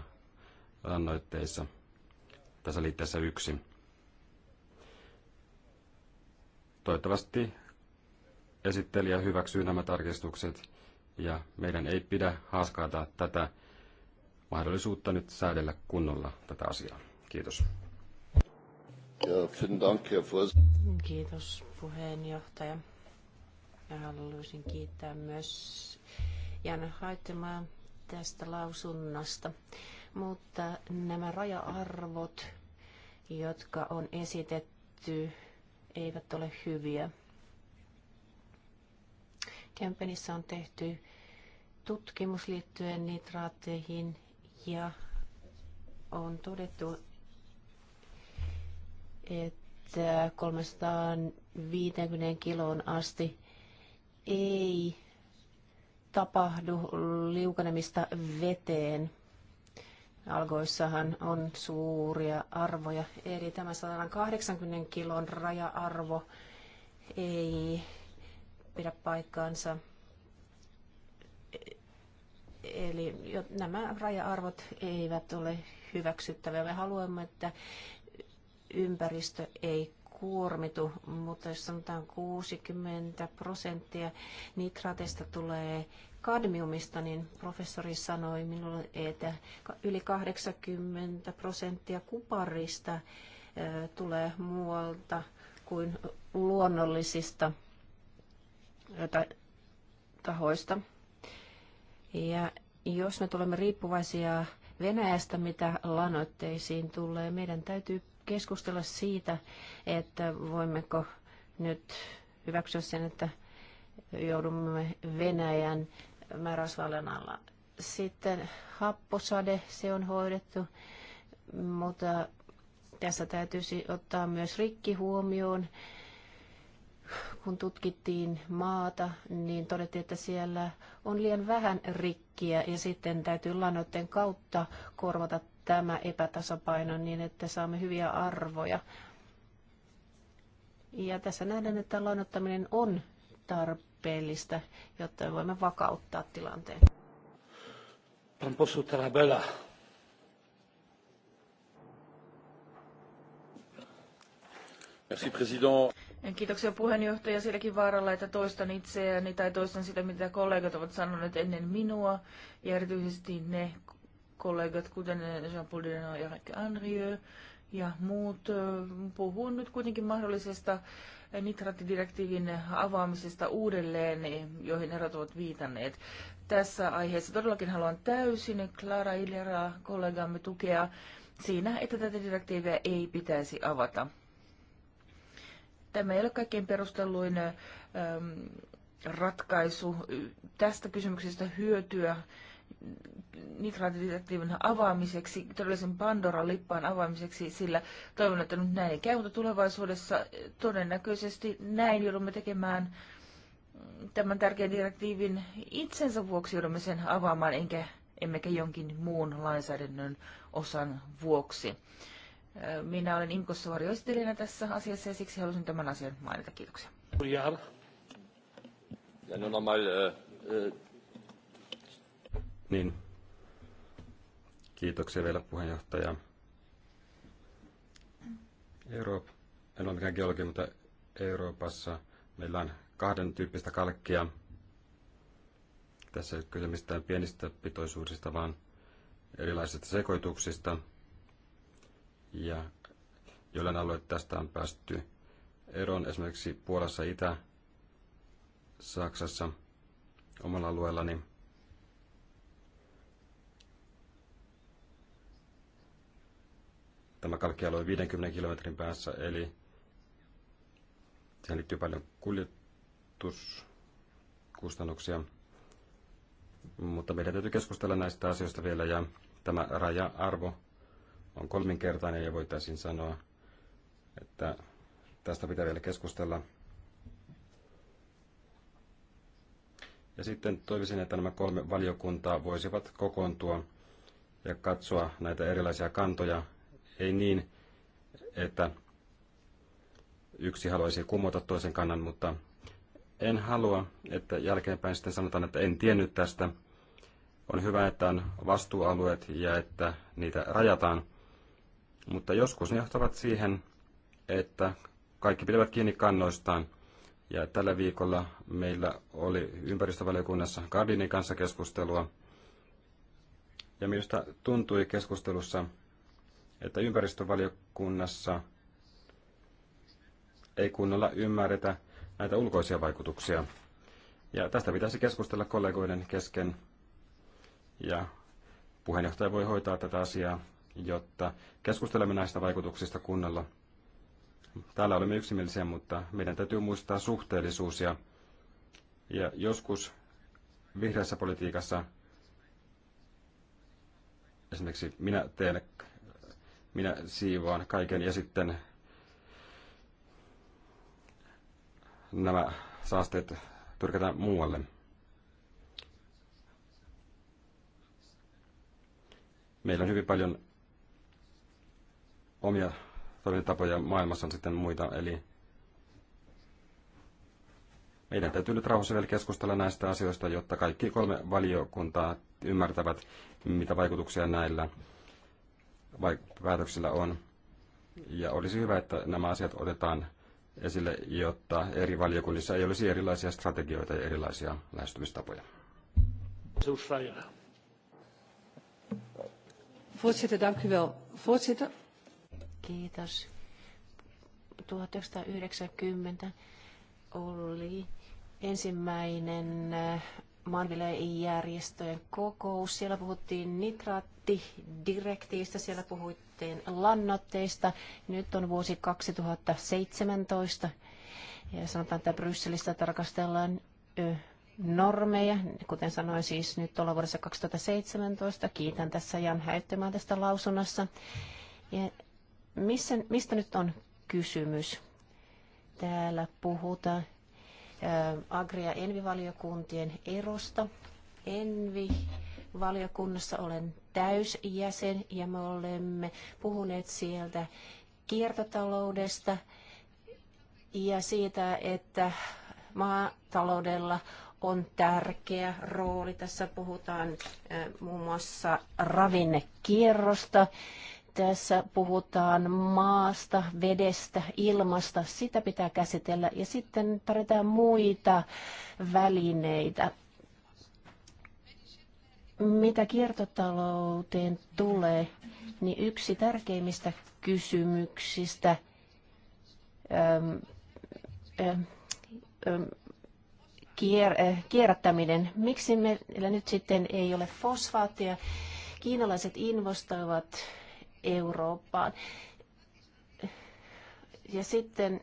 lannoitteissa. Tässä liitteessä yksi. Toivottavasti esittelijä hyväksyy nämä tarkistukset ja meidän ei pidä haaskata tätä mahdollisuutta nyt säädellä kunnolla tätä asiaa. Kiitos. Kiitos puheenjohtaja. Ja haluaisin kiittää myös Jana Haitemaa tästä lausunnasta mutta nämä raja-arvot, jotka on esitetty, eivät ole hyviä. Kempenissä on tehty tutkimus liittyen nitraatteihin ja on todettu, että 350 kiloon asti ei tapahdu liukanemista veteen. Algoissahan on suuria arvoja, eli tämä 180 kilon raja-arvo ei pidä paikkaansa. Eli nämä raja-arvot eivät ole hyväksyttäviä. Me haluamme, että ympäristö ei kuormitu, mutta jos sanotaan 60 prosenttia nitraatista tulee kadmiumista, niin professori sanoi minulle, että yli 80 prosenttia kuparista tulee muualta kuin luonnollisista tahoista. Ja jos me tulemme riippuvaisia Venäjästä, mitä lanoitteisiin tulee, meidän täytyy keskustella siitä, että voimmeko nyt hyväksyä sen, että joudumme Venäjän määräysvallan alla. Sitten happosade, se on hoidettu, mutta tässä täytyisi ottaa myös rikki huomioon. Kun tutkittiin maata, niin todettiin, että siellä on liian vähän rikkiä ja sitten täytyy lannoitteen kautta korvata tämä epätasapaino niin, että saamme hyviä arvoja. Ja tässä nähdään, että lannoittaminen on tarpeen tarpeellista, jotta voimme vakauttaa tilanteen. Merci, Kiitoksia puheenjohtaja silläkin vaaralla, että toistan itseäni tai toistan sitä, mitä kollegat ovat sanoneet ennen minua, ja erityisesti ne kollegat, kuten Jean-Paul Dino ja Henri Andrieu ja muut. Puhun nyt kuitenkin mahdollisesta nitraattidirektiivin avaamisesta uudelleen, joihin erot ovat viitanneet. Tässä aiheessa todellakin haluan täysin Clara Ilera kollegamme tukea siinä, että tätä direktiiviä ei pitäisi avata. Tämä ei ole kaikkein perustelluin ähm, ratkaisu. Tästä kysymyksestä hyötyä nitraatidirektiivin avaamiseksi, todellisen Pandoran lippaan avaamiseksi, sillä toivon, että nyt näin ei käy, mutta tulevaisuudessa eh, todennäköisesti näin joudumme tekemään tämän tärkeän direktiivin itsensä vuoksi joudumme sen avaamaan, enkä, emmekä jonkin muun lainsäädännön osan vuoksi. Eh, minä olen Imkossa varjoistelijana tässä asiassa ja siksi halusin tämän asian mainita. Kiitoksia. Ja, eh, Niin, Kiitoksia vielä puheenjohtaja. Euroop, en ole mikään geologi, mutta Euroopassa meillä on kahden tyyppistä kalkkia. Tässä ei ole kyse mistään pienistä pitoisuuksista, vaan erilaisista sekoituksista. Ja jollain alueella tästä on päästy eroon esimerkiksi Puolassa Itä-Saksassa omalla alueellani. Niin Tämä kalkkialue 50 kilometrin päässä, eli siihen liittyy paljon kuljetuskustannuksia. Mutta meidän täytyy keskustella näistä asioista vielä, ja tämä raja-arvo on kolminkertainen, ja voitaisiin sanoa, että tästä pitää vielä keskustella. Ja sitten toivisin, että nämä kolme valiokuntaa voisivat kokoontua ja katsoa näitä erilaisia kantoja, ei niin, että yksi haluaisi kumota toisen kannan, mutta en halua, että jälkeenpäin sitten sanotaan, että en tiennyt tästä. On hyvä, että on vastuualueet ja että niitä rajataan, mutta joskus ne johtavat siihen, että kaikki pitävät kiinni kannoistaan. Ja tällä viikolla meillä oli ympäristövaliokunnassa Gardinin kanssa keskustelua. Ja minusta tuntui keskustelussa, että ympäristövaliokunnassa ei kunnolla ymmärretä näitä ulkoisia vaikutuksia. Ja tästä pitäisi keskustella kollegoiden kesken. Ja puheenjohtaja voi hoitaa tätä asiaa, jotta keskustelemme näistä vaikutuksista kunnolla. Täällä olemme yksimielisiä, mutta meidän täytyy muistaa suhteellisuus. Ja, ja joskus vihreässä politiikassa esimerkiksi minä teen minä siivoan kaiken ja sitten nämä saasteet tyrkätään muualle. Meillä on hyvin paljon omia toimintatapoja maailmassa on sitten muita, eli meidän täytyy nyt rauhassa vielä keskustella näistä asioista, jotta kaikki kolme valiokuntaa ymmärtävät, mitä vaikutuksia näillä päätöksillä on. Ja olisi hyvä, että nämä asiat otetaan esille, jotta eri valiokunnissa ei olisi erilaisia strategioita ja erilaisia lähestymistapoja. Voorzitter, dank u wel. Voorzitter. Kiitos. 1990 oli ensimmäinen äh, maanviljelijäjärjestöjen kokous. Siellä puhuttiin nitraattidirektiivistä, siellä puhuttiin lannoitteista. Nyt on vuosi 2017 ja sanotaan, että Brysselissä tarkastellaan normeja. Kuten sanoin, siis nyt ollaan vuodessa 2017. Kiitän tässä Jan Häyttämään tästä lausunnossa. Ja missä, mistä nyt on kysymys? Täällä puhutaan Agri- ja Envi-valiokuntien erosta. Envi-valiokunnassa olen täysjäsen ja me olemme puhuneet sieltä kiertotaloudesta ja siitä, että maataloudella on tärkeä rooli. Tässä puhutaan muun muassa ravinnekierrosta tässä puhutaan maasta, vedestä, ilmasta, sitä pitää käsitellä ja sitten tarvitaan muita välineitä. Mitä kiertotalouteen tulee, niin yksi tärkeimmistä kysymyksistä äm, kier, äh, kierrättäminen. Miksi meillä nyt sitten ei ole fosfaattia? Kiinalaiset investoivat Eurooppaan. Ja sitten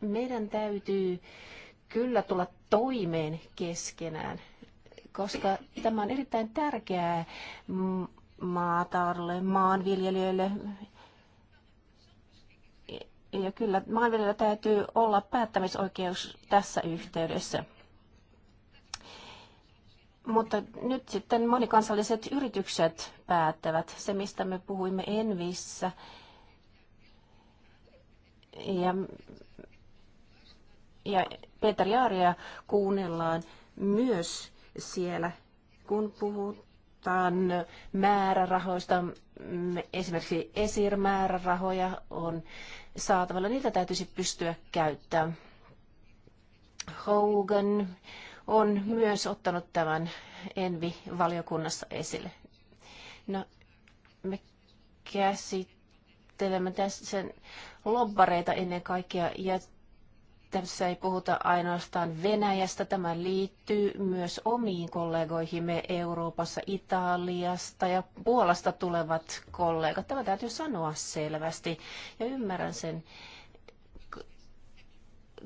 meidän täytyy kyllä tulla toimeen keskenään, koska tämä on erittäin tärkeää maataloudelle, maanviljelijöille. Ja kyllä maanviljelijöillä täytyy olla päättämisoikeus tässä yhteydessä. Mutta nyt sitten monikansalliset yritykset päättävät se, mistä me puhuimme Envissä. Ja, ja Peter Jaaria kuunnellaan myös siellä, kun puhutaan määrärahoista. Esimerkiksi esirmäärärahoja on saatavilla. Niitä täytyisi pystyä käyttämään. Hogan on myös ottanut tämän Envi-valiokunnassa esille. No, me käsittelemme tässä sen lobbareita ennen kaikkea ja tässä ei puhuta ainoastaan Venäjästä, tämä liittyy myös omiin kollegoihimme Euroopassa, Italiasta ja Puolasta tulevat kollegat. Tämä täytyy sanoa selvästi ja ymmärrän sen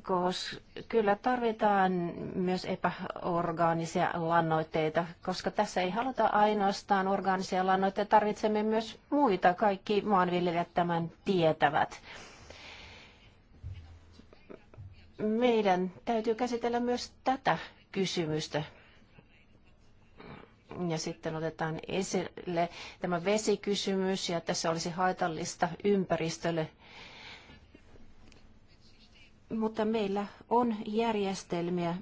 koska kyllä tarvitaan myös epäorgaanisia lannoitteita, koska tässä ei haluta ainoastaan orgaanisia lannoitteita, tarvitsemme myös muita. Kaikki maanviljelijät tämän tietävät. Meidän täytyy käsitellä myös tätä kysymystä. Ja sitten otetaan esille tämä vesikysymys, ja tässä olisi haitallista ympäristölle mutta meillä on järjestelmiä,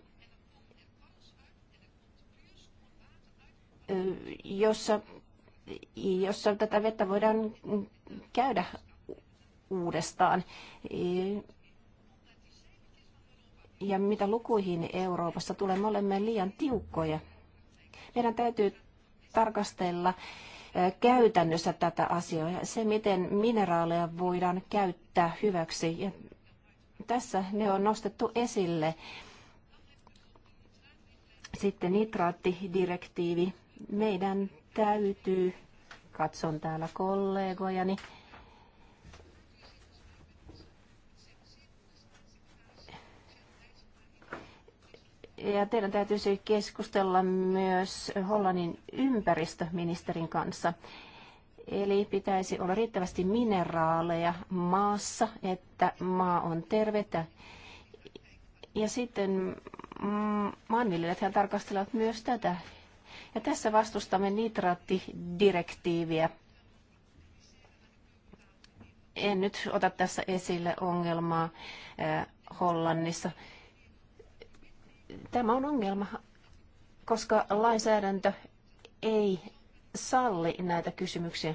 jossa, jossa tätä vettä voidaan käydä uudestaan. E, ja mitä lukuihin Euroopassa tulee, me olemme liian tiukkoja. Meidän täytyy tarkastella käytännössä tätä asiaa, se miten mineraaleja voidaan käyttää hyväksi. Ja tässä ne on nostettu esille. Sitten nitraattidirektiivi. Meidän täytyy, katson täällä kollegojani, ja teidän täytyisi keskustella myös Hollannin ympäristöministerin kanssa. Eli pitäisi olla riittävästi mineraaleja maassa, että maa on tervetä. Ja sitten maanviljelijät tarkastelevat myös tätä. Ja tässä vastustamme nitraattidirektiiviä. En nyt ota tässä esille ongelmaa äh, Hollannissa. Tämä on ongelma, koska lainsäädäntö ei salli näitä kysymyksiä.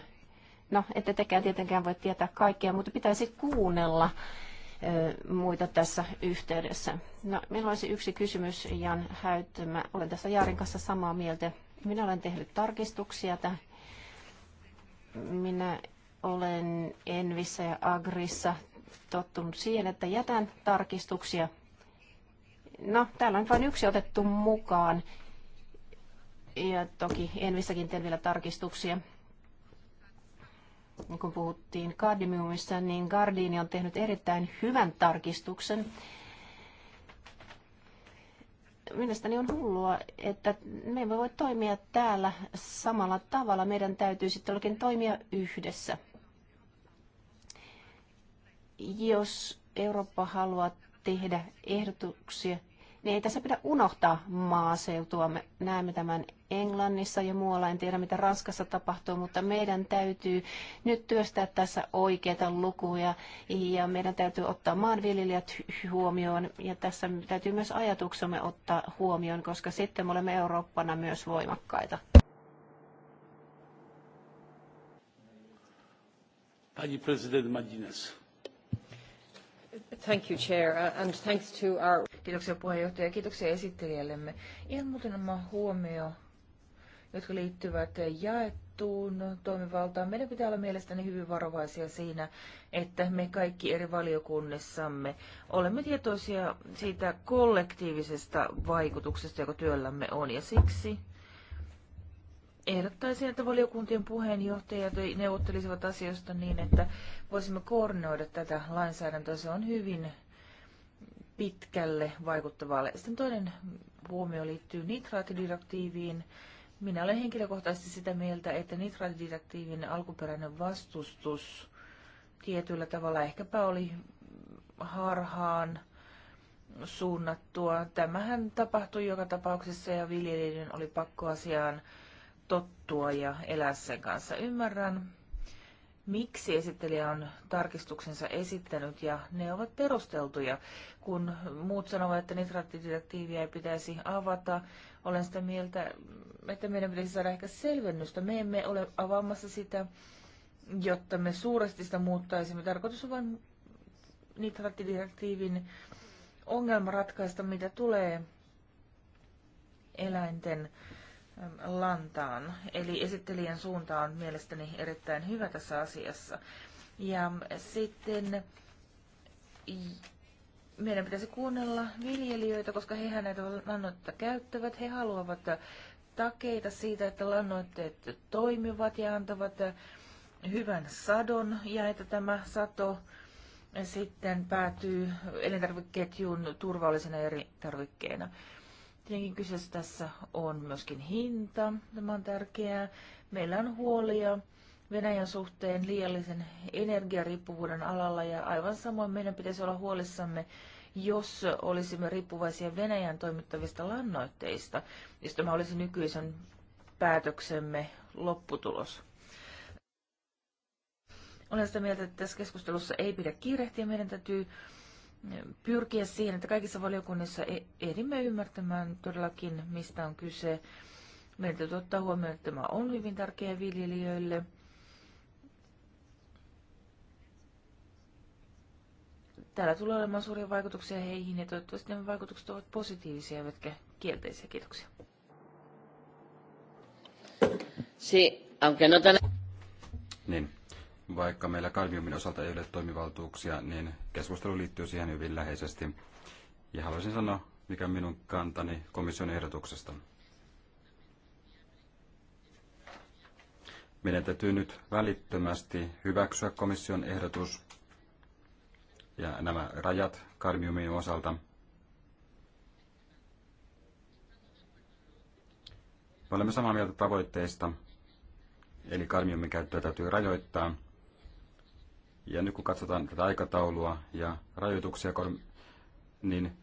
No, ette tekään tietenkään voi tietää kaikkea, mutta pitäisi kuunnella muita tässä yhteydessä. No, minulla olisi yksi kysymys, Jan Mä Olen tässä Jaarin kanssa samaa mieltä. Minä olen tehnyt tarkistuksia. Täh. Minä olen Envissä ja Agrissa tottunut siihen, että jätän tarkistuksia. No, täällä on vain yksi otettu mukaan, ja toki Envissäkin teen vielä tarkistuksia. kun puhuttiin kadmiumista, niin Gardini on tehnyt erittäin hyvän tarkistuksen. Mielestäni on hullua, että me emme voi toimia täällä samalla tavalla. Meidän täytyy sitten oikein toimia yhdessä. Jos Eurooppa haluaa tehdä ehdotuksia niin ei tässä pidä unohtaa maaseutua. Me näemme tämän Englannissa ja muualla, en tiedä mitä Ranskassa tapahtuu, mutta meidän täytyy nyt työstää tässä oikeita lukuja ja meidän täytyy ottaa maanviljelijät huomioon ja tässä täytyy myös ajatuksemme ottaa huomioon, koska sitten me olemme Eurooppana myös voimakkaita. Pani president Madines. Thank you, Chair, uh, and thanks to our... Kiitoksia puheenjohtaja ja kiitoksia esittelijällemme. Ihan muutama huomio, jotka liittyvät jaettuun toimivaltaan. Meidän pitää olla mielestäni hyvin varovaisia siinä, että me kaikki eri valiokunnissamme olemme tietoisia siitä kollektiivisesta vaikutuksesta, joka työllämme on. Ja siksi ehdottaisin, että valiokuntien puheenjohtajat neuvottelisivat asioista niin, että voisimme koordinoida tätä lainsäädäntöä. Se on hyvin pitkälle vaikuttavalle. Sitten toinen huomio liittyy nitraatidirektiiviin. Minä olen henkilökohtaisesti sitä mieltä, että nitraatidirektiivin alkuperäinen vastustus tietyllä tavalla ehkäpä oli harhaan suunnattua. Tämähän tapahtui joka tapauksessa ja viljelijöiden oli pakko asiaan tottua ja elää sen kanssa. Ymmärrän miksi esittelijä on tarkistuksensa esittänyt, ja ne ovat perusteltuja. Kun muut sanovat, että nitraattidirektiiviä ei pitäisi avata, olen sitä mieltä, että meidän pitäisi saada ehkä selvennystä. Me emme ole avaamassa sitä, jotta me suuresti sitä muuttaisimme. Tarkoitus on vain nitraattidirektiivin ongelma ratkaista, mitä tulee eläinten lantaan. Eli esittelijän suunta on mielestäni erittäin hyvä tässä asiassa. Ja sitten meidän pitäisi kuunnella viljelijöitä, koska hehän näitä lannoitteita käyttävät. He haluavat takeita siitä, että lannoitteet toimivat ja antavat hyvän sadon ja että tämä sato sitten päätyy elintarvikeketjuun turvallisena eri tarvikkeena Tietenkin kyseessä tässä on myöskin hinta. Tämä on tärkeää. Meillä on huolia Venäjän suhteen liiallisen energiariippuvuuden alalla ja aivan samoin meidän pitäisi olla huolissamme jos olisimme riippuvaisia Venäjän toimittavista lannoitteista, jos tämä olisi nykyisen päätöksemme lopputulos. Olen sitä mieltä, että tässä keskustelussa ei pidä kiirehtiä. Meidän täytyy pyrkiä siihen, että kaikissa valiokunnissa ehdimme ymmärtämään todellakin, mistä on kyse. Meidän täytyy ottaa huomioon, että tämä on hyvin tärkeä viljelijöille. Täällä tulee olemaan suuria vaikutuksia heihin ja toivottavasti nämä vaikutukset ovat positiivisia eivätkä kielteisiä. Kiitoksia. Sí, aunque no tan... Niin, vaikka meillä kadmiumin osalta ei ole toimivaltuuksia, niin keskustelu liittyy siihen hyvin läheisesti. Ja haluaisin sanoa, mikä on minun kantani komission ehdotuksesta. Meidän täytyy nyt välittömästi hyväksyä komission ehdotus ja nämä rajat kadmiumin osalta. Me olemme samaa mieltä tavoitteista, eli kadmiumin käyttöä täytyy rajoittaa – ja nyt kun katsotaan tätä aikataulua ja rajoituksia, niin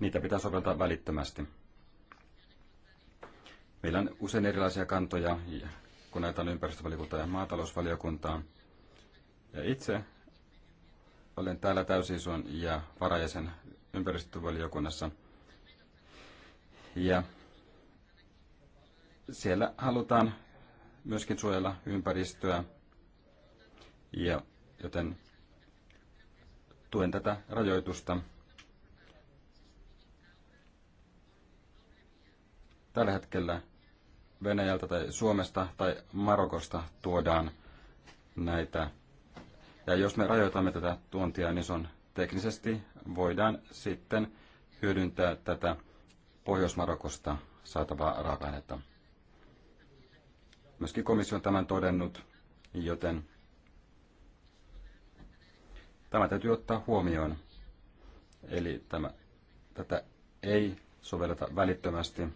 niitä pitää soveltaa välittömästi. Meillä on usein erilaisia kantoja, kun näitä on ympäristövaliokunta ja maatalousvaliokuntaa. Ja itse olen täällä täysin ja varajäsen ympäristövaliokunnassa. Ja siellä halutaan myöskin suojella ympäristöä ja joten tuen tätä rajoitusta. Tällä hetkellä Venäjältä tai Suomesta tai Marokosta tuodaan näitä. Ja jos me rajoitamme tätä tuontia, niin se on teknisesti voidaan sitten hyödyntää tätä Pohjois-Marokosta saatavaa raaka-ainetta. Myöskin komissio on tämän todennut, joten Tämä täytyy ottaa huomioon. Eli tämä, tätä ei sovelleta välittömästi.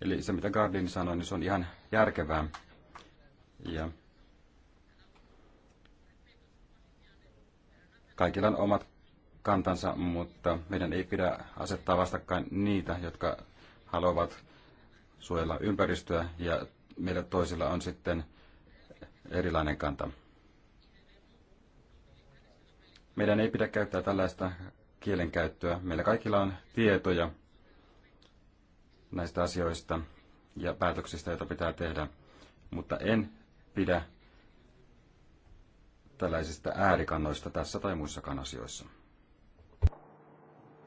Eli se, mitä Gardin sanoi, niin se on ihan järkevää. Ja kaikilla on omat kantansa, mutta meidän ei pidä asettaa vastakkain niitä, jotka haluavat suojella ympäristöä ja meillä toisilla on sitten erilainen kanta. Meidän ei pidä käyttää tällaista kielenkäyttöä. Meillä kaikilla on tietoja näistä asioista ja päätöksistä, joita pitää tehdä, mutta en pidä tällaisista äärikannoista tässä tai muissakaan asioissa.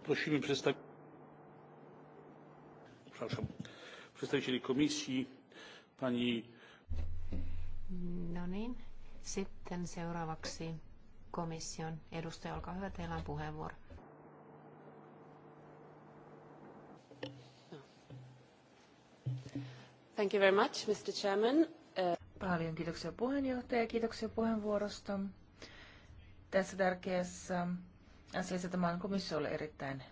Prosimy przedstawicieli komisji, pani... No niin, sitten seuraavaksi komission edustaja, olkaa hyvä, teillä on puheenvuoro. Thank you very much, Mr. Chairman. Uh, Paljon kiitoksia puheenjohtaja, kiitoksia puheenvuorosta. Tässä tärkeässä asiassa tämä on komissiolle erittäin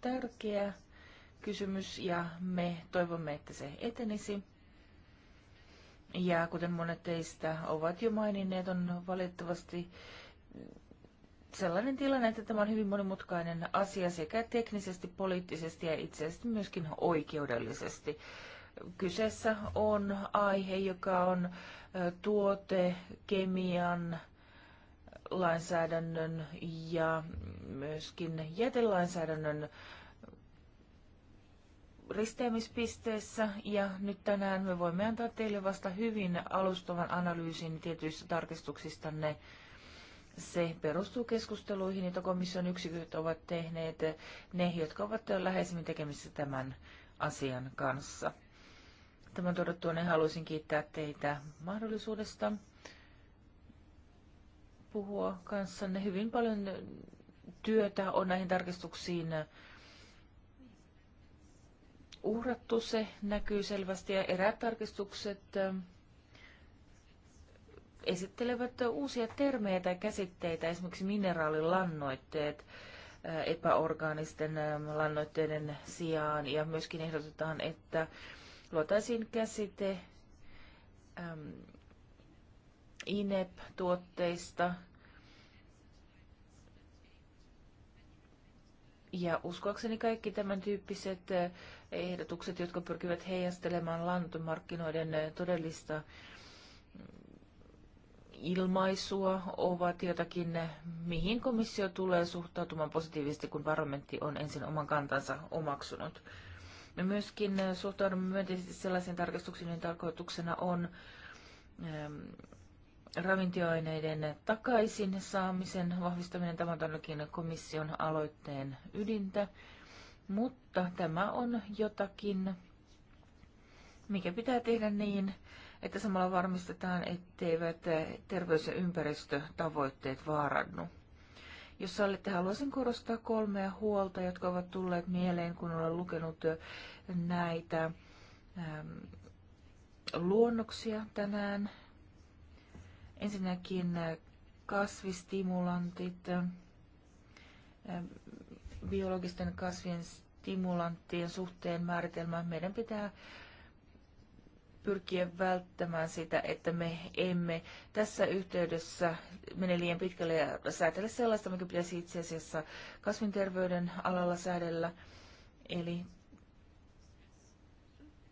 tärkeä kysymys ja me toivomme, että se etenisi. Ja kuten monet teistä ovat jo maininneet, on valitettavasti sellainen tilanne, että tämä on hyvin monimutkainen asia sekä teknisesti, poliittisesti ja itse asiassa myöskin oikeudellisesti. Kyseessä on aihe, joka on tuote, kemian, lainsäädännön ja myöskin jätelainsäädännön risteämispisteessä ja nyt tänään me voimme antaa teille vasta hyvin alustavan analyysin tietyistä tarkistuksistanne se perustuu keskusteluihin, joita komission yksiköt ovat tehneet, ne, jotka ovat läheisemmin tekemisissä tämän asian kanssa. Tämän todettua niin haluaisin kiittää teitä mahdollisuudesta puhua kanssanne. Hyvin paljon työtä on näihin tarkistuksiin uhrattu, se näkyy selvästi ja eräät tarkistukset esittelevät uusia termejä tai käsitteitä, esimerkiksi mineraalilannoitteet äh, epäorgaanisten ähm, lannoitteiden sijaan. Ja myöskin ehdotetaan, että luotaisiin käsite ähm, INEP-tuotteista. Ja uskoakseni kaikki tämän tyyppiset äh, ehdotukset, jotka pyrkivät heijastelemaan lantumarkkinoiden äh, todellista ilmaisua ovat jotakin, mihin komissio tulee suhtautumaan positiivisesti, kun parlamentti on ensin oman kantansa omaksunut. Me myöskin suhtaudumme myönteisesti sellaisiin tarkastuksiin, joiden tarkoituksena on ähm, ravintioaineiden takaisin saamisen vahvistaminen. Tämä on todellakin komission aloitteen ydintä, mutta tämä on jotakin, mikä pitää tehdä niin, että samalla varmistetaan, etteivät terveys- ja ympäristötavoitteet vaarannu. Jos sallitte, haluaisin korostaa kolmea huolta, jotka ovat tulleet mieleen, kun olen lukenut näitä ähm, luonnoksia tänään. Ensinnäkin äh, kasvistimulantit, ähm, biologisten kasvien stimulanttien suhteen määritelmä. Meidän pitää pyrkiä välttämään sitä, että me emme tässä yhteydessä mene liian pitkälle ja säätele sellaista, mikä pitäisi itse asiassa kasvinterveyden alalla säädellä. Eli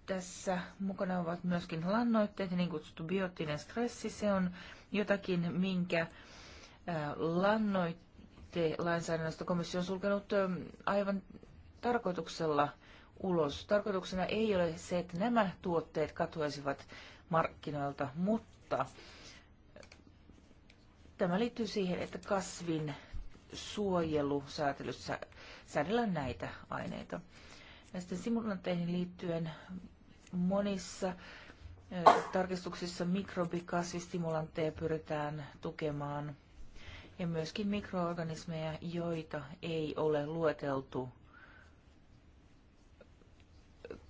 tässä mukana ovat myöskin lannoitteet ja niin kutsuttu biottinen stressi. Se on jotakin, minkä lannoitte lainsäädännöstä komissio on sulkenut aivan tarkoituksella – ulos. Tarkoituksena ei ole se, että nämä tuotteet katoaisivat markkinoilta, mutta tämä liittyy siihen, että kasvin suojelusäätelyssä säädellään näitä aineita. Ja sitten simulanteihin liittyen monissa tarkistuksissa mikrobikasvistimulantteja pyritään tukemaan ja myöskin mikroorganismeja, joita ei ole lueteltu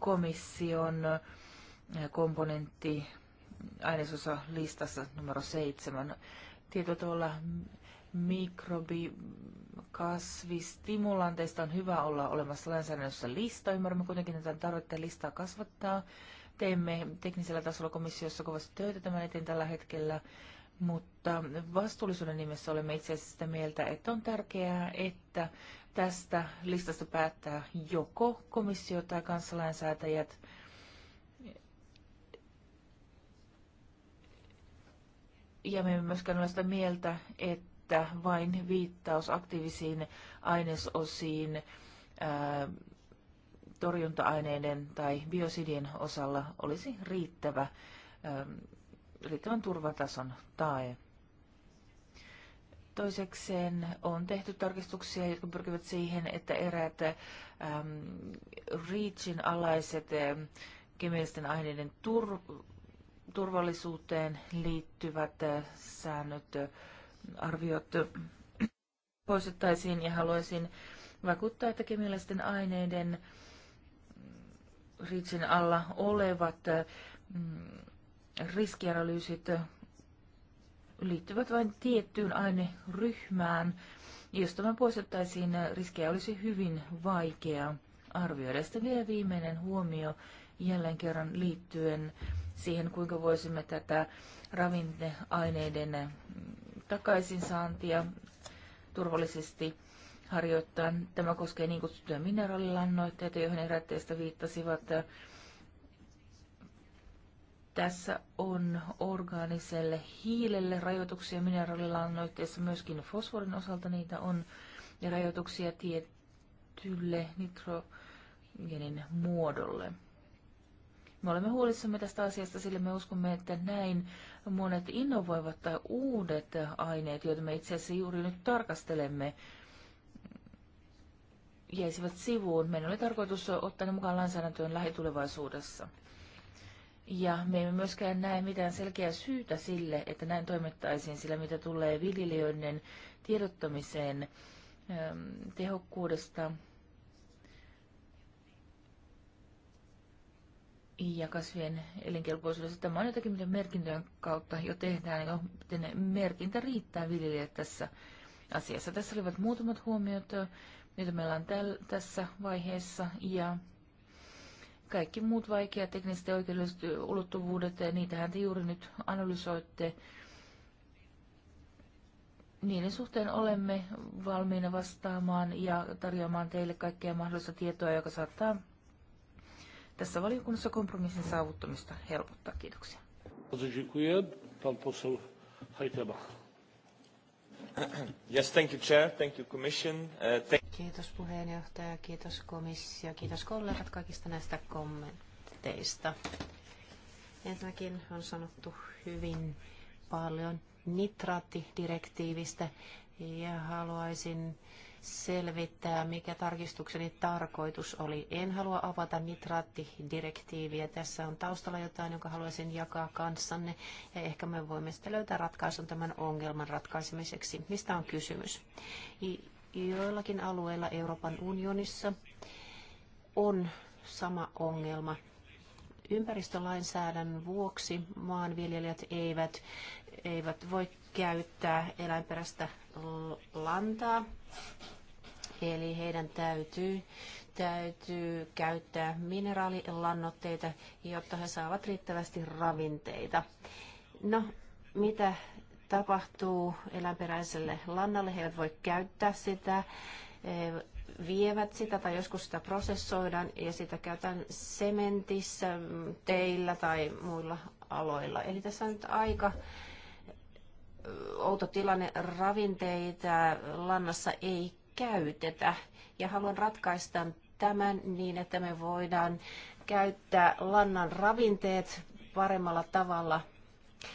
komission eh, komponentti ainesosa listassa numero seitsemän. Tietyllä tavalla mikrobikasvistimulanteista on hyvä olla olemassa lainsäädännössä lista. Ymmärrämme kuitenkin, että tarvetta listaa kasvattaa. Teemme teknisellä tasolla komissiossa kovasti töitä tämän eteen tällä hetkellä, mutta vastuullisuuden nimessä olemme itse asiassa sitä mieltä, että on tärkeää, että Tästä listasta päättää joko komissio tai kansalainsäätäjät. Ja me emme myöskään ole sitä mieltä, että vain viittaus aktiivisiin ainesosiin ää, torjunta-aineiden tai biosidien osalla olisi riittävä, ää, riittävän turvatason tae. Toisekseen on tehty tarkistuksia, jotka pyrkivät siihen, että eräät ähm, REACHin alaiset ähm, kemiallisten aineiden tur, turvallisuuteen liittyvät äh, säännöt, äh, arviot äh, poistettaisiin ja haluaisin vakuuttaa, että kemiallisten aineiden äh, REACHin alla olevat äh, mm, riskianalyysit liittyvät vain tiettyyn aineryhmään. Jos tämä poistettaisiin, riskejä olisi hyvin vaikea arvioida. Sitten vielä viimeinen huomio jälleen kerran liittyen siihen, kuinka voisimme tätä ravinteaineiden takaisinsaantia turvallisesti harjoittaa. Tämä koskee niin kutsuttuja mineraalilannoitteita, joihin erätteistä viittasivat. Tässä on orgaaniselle hiilelle rajoituksia mineraalilannoitteessa, myöskin fosforin osalta niitä on, ja rajoituksia tietylle nitrogenin muodolle. Me olemme huolissamme tästä asiasta, sillä me uskomme, että näin monet innovoivat tai uudet aineet, joita me itse asiassa juuri nyt tarkastelemme, jäisivät sivuun. Meidän oli tarkoitus ottaa ne mukaan lainsäädäntöön lähitulevaisuudessa. Ja me emme myöskään näe mitään selkeää syytä sille, että näin toimittaisiin, sillä mitä tulee viljelijöiden tiedottamiseen ähm, tehokkuudesta ja kasvien elinkelpoisuudesta. Tämä on jotakin, mitä merkintöjen kautta jo tehdään, jo, miten merkintä riittää viljelijät tässä asiassa. Tässä olivat muutamat huomiot, joita meillä on täl- tässä vaiheessa, ja kaikki muut vaikeat tekniset ja oikeudelliset ulottuvuudet, niitähän te juuri nyt analysoitte. Niiden suhteen olemme valmiina vastaamaan ja tarjoamaan teille kaikkea mahdollista tietoa, joka saattaa tässä valiokunnassa kompromissin saavuttamista helpottaa. Kiitoksia. Kiitoksia. Yes, thank you, Chair. Thank you, Commission. Uh, thank... Kiitos puheenjohtaja, kiitos komissio, kiitos kollegat kaikista näistä kommentteista. Ensinnäkin on sanottu hyvin paljon nitraattidirektiivistä ja haluaisin selvittää, mikä tarkistukseni tarkoitus oli. En halua avata nitraattidirektiiviä. Tässä on taustalla jotain, jonka haluaisin jakaa kanssanne, ja ehkä me voimme sitten löytää ratkaisun tämän ongelman ratkaisemiseksi. Mistä on kysymys? Joillakin alueilla Euroopan unionissa on sama ongelma. Ympäristölainsäädännön vuoksi maanviljelijät eivät, eivät voi käyttää eläinperäistä lantaa Eli heidän täytyy, täytyy käyttää mineraalilannoitteita, jotta he saavat riittävästi ravinteita. No, mitä tapahtuu eläinperäiselle lannalle? He eivät voi käyttää sitä, vievät sitä tai joskus sitä prosessoidaan ja sitä käytetään sementissä, teillä tai muilla aloilla. Eli tässä on nyt aika outo tilanne. Ravinteita lannassa ei käytetä. Ja haluan ratkaista tämän niin, että me voidaan käyttää lannan ravinteet paremmalla tavalla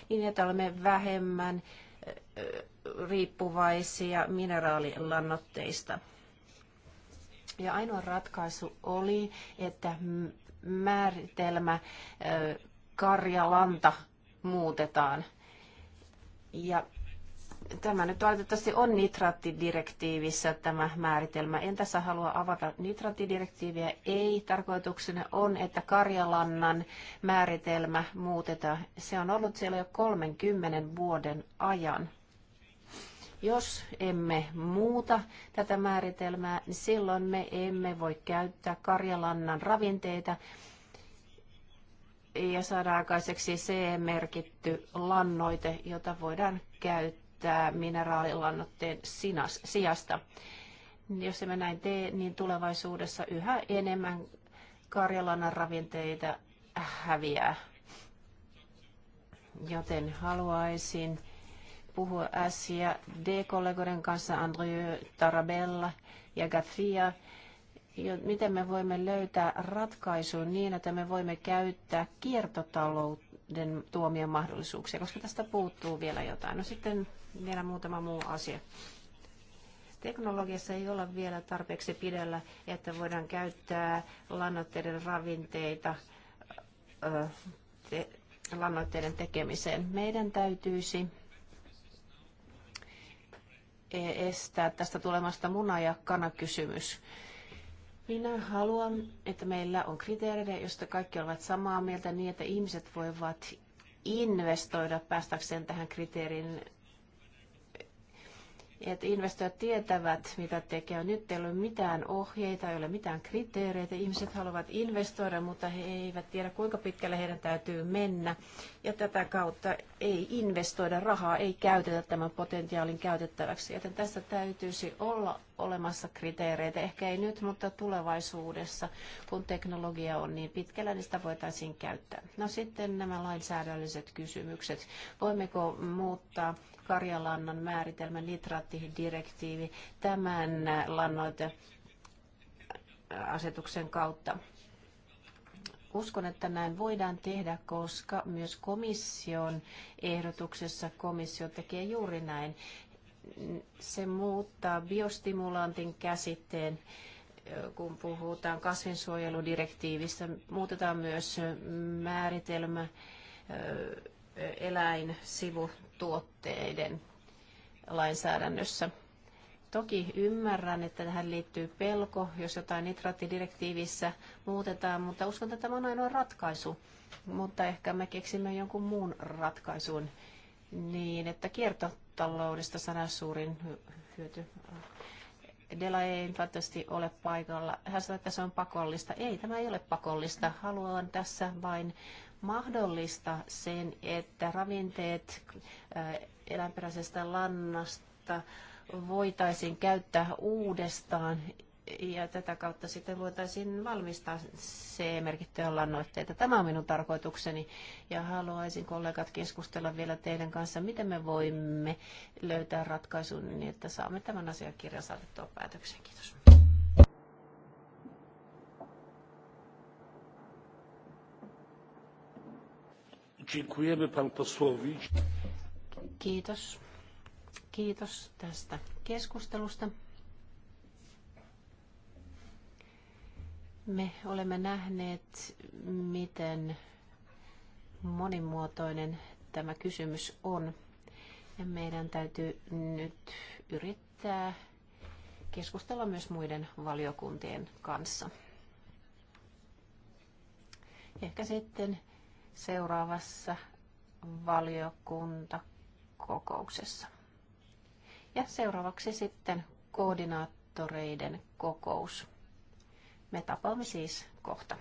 niin, että olemme vähemmän riippuvaisia mineraalilannoitteista. Ja ainoa ratkaisu oli, että määritelmä karjalanta muutetaan. Ja Tämä nyt valitettavasti on nitraattidirektiivissä tämä määritelmä. En tässä halua avata nitraattidirektiiviä. Ei. Tarkoituksena on, että Karjalannan määritelmä muutetaan. Se on ollut siellä jo 30 vuoden ajan. Jos emme muuta tätä määritelmää, niin silloin me emme voi käyttää Karjalannan ravinteita ja saada aikaiseksi c merkitty lannoite, jota voidaan käyttää käyttää mineraalilannoitteen sinas, sijasta. Jos emme näin tee, niin tulevaisuudessa yhä enemmän karjalannan ravinteita häviää. Joten haluaisin puhua S- ja D-kollegoiden kanssa, Andrew Tarabella ja Gathia, miten me voimme löytää ratkaisun niin, että me voimme käyttää kiertotalouden talouden tuomia mahdollisuuksia, koska tästä puuttuu vielä jotain. No sitten vielä muutama muu asia. Teknologiassa ei olla vielä tarpeeksi pidellä, että voidaan käyttää lannoitteiden ravinteita te, lannoitteiden tekemiseen. Meidän täytyisi e, estää tästä tulemasta muna- ja kanakysymys. Minä haluan, että meillä on kriteerejä, joista kaikki ovat samaa mieltä niin, että ihmiset voivat investoida päästäkseen tähän kriteerin että investoijat tietävät, mitä tekee. Nyt ei ole mitään ohjeita, ei ole mitään kriteereitä. Ihmiset haluavat investoida, mutta he eivät tiedä, kuinka pitkälle heidän täytyy mennä. Ja tätä kautta ei investoida rahaa, ei käytetä tämän potentiaalin käytettäväksi. Joten tässä täytyisi olla olemassa kriteereitä, ehkä ei nyt, mutta tulevaisuudessa, kun teknologia on niin pitkällä, niin sitä voitaisiin käyttää. No sitten nämä lainsäädännölliset kysymykset. Voimmeko muuttaa karjalannan määritelmän nitraattidirektiivi tämän lannoiteasetuksen asetuksen kautta. Uskon, että näin voidaan tehdä, koska myös komission ehdotuksessa komissio tekee juuri näin. Se muuttaa biostimulantin käsitteen, kun puhutaan kasvinsuojeludirektiivistä. Muutetaan myös määritelmä eläinsivutuotteiden lainsäädännössä. Toki ymmärrän, että tähän liittyy pelko, jos jotain nitraattidirektiivissä muutetaan, mutta uskon, että tämä on ainoa ratkaisu. Mutta ehkä me keksimme jonkun muun ratkaisun niin, että kiertotaloudesta sana suurin hyöty. Dela ei infantosti ole paikalla. Hän sanoi, että se on pakollista. Ei, tämä ei ole pakollista. Haluan tässä vain mahdollista sen, että ravinteet eläinperäisestä lannasta voitaisiin käyttää uudestaan ja tätä kautta sitten voitaisiin valmistaa c merkittyjä lannoitteita. Tämä on minun tarkoitukseni ja haluaisin kollegat keskustella vielä teidän kanssa, miten me voimme löytää ratkaisun niin, että saamme tämän asiakirjan saatettua päätökseen. Kiitos. Dziękujemy panu posłowi. Kiitos. Kiitos tästä keskustelusta. Me olemme nähneet, miten monimuotoinen tämä kysymys on. Ja meidän täytyy nyt yrittää keskustella myös muiden valiokuntien kanssa. Ehkä sitten seuraavassa valiokuntakokouksessa. Ja seuraavaksi sitten koordinaattoreiden kokous. Me tapaamme siis kohta.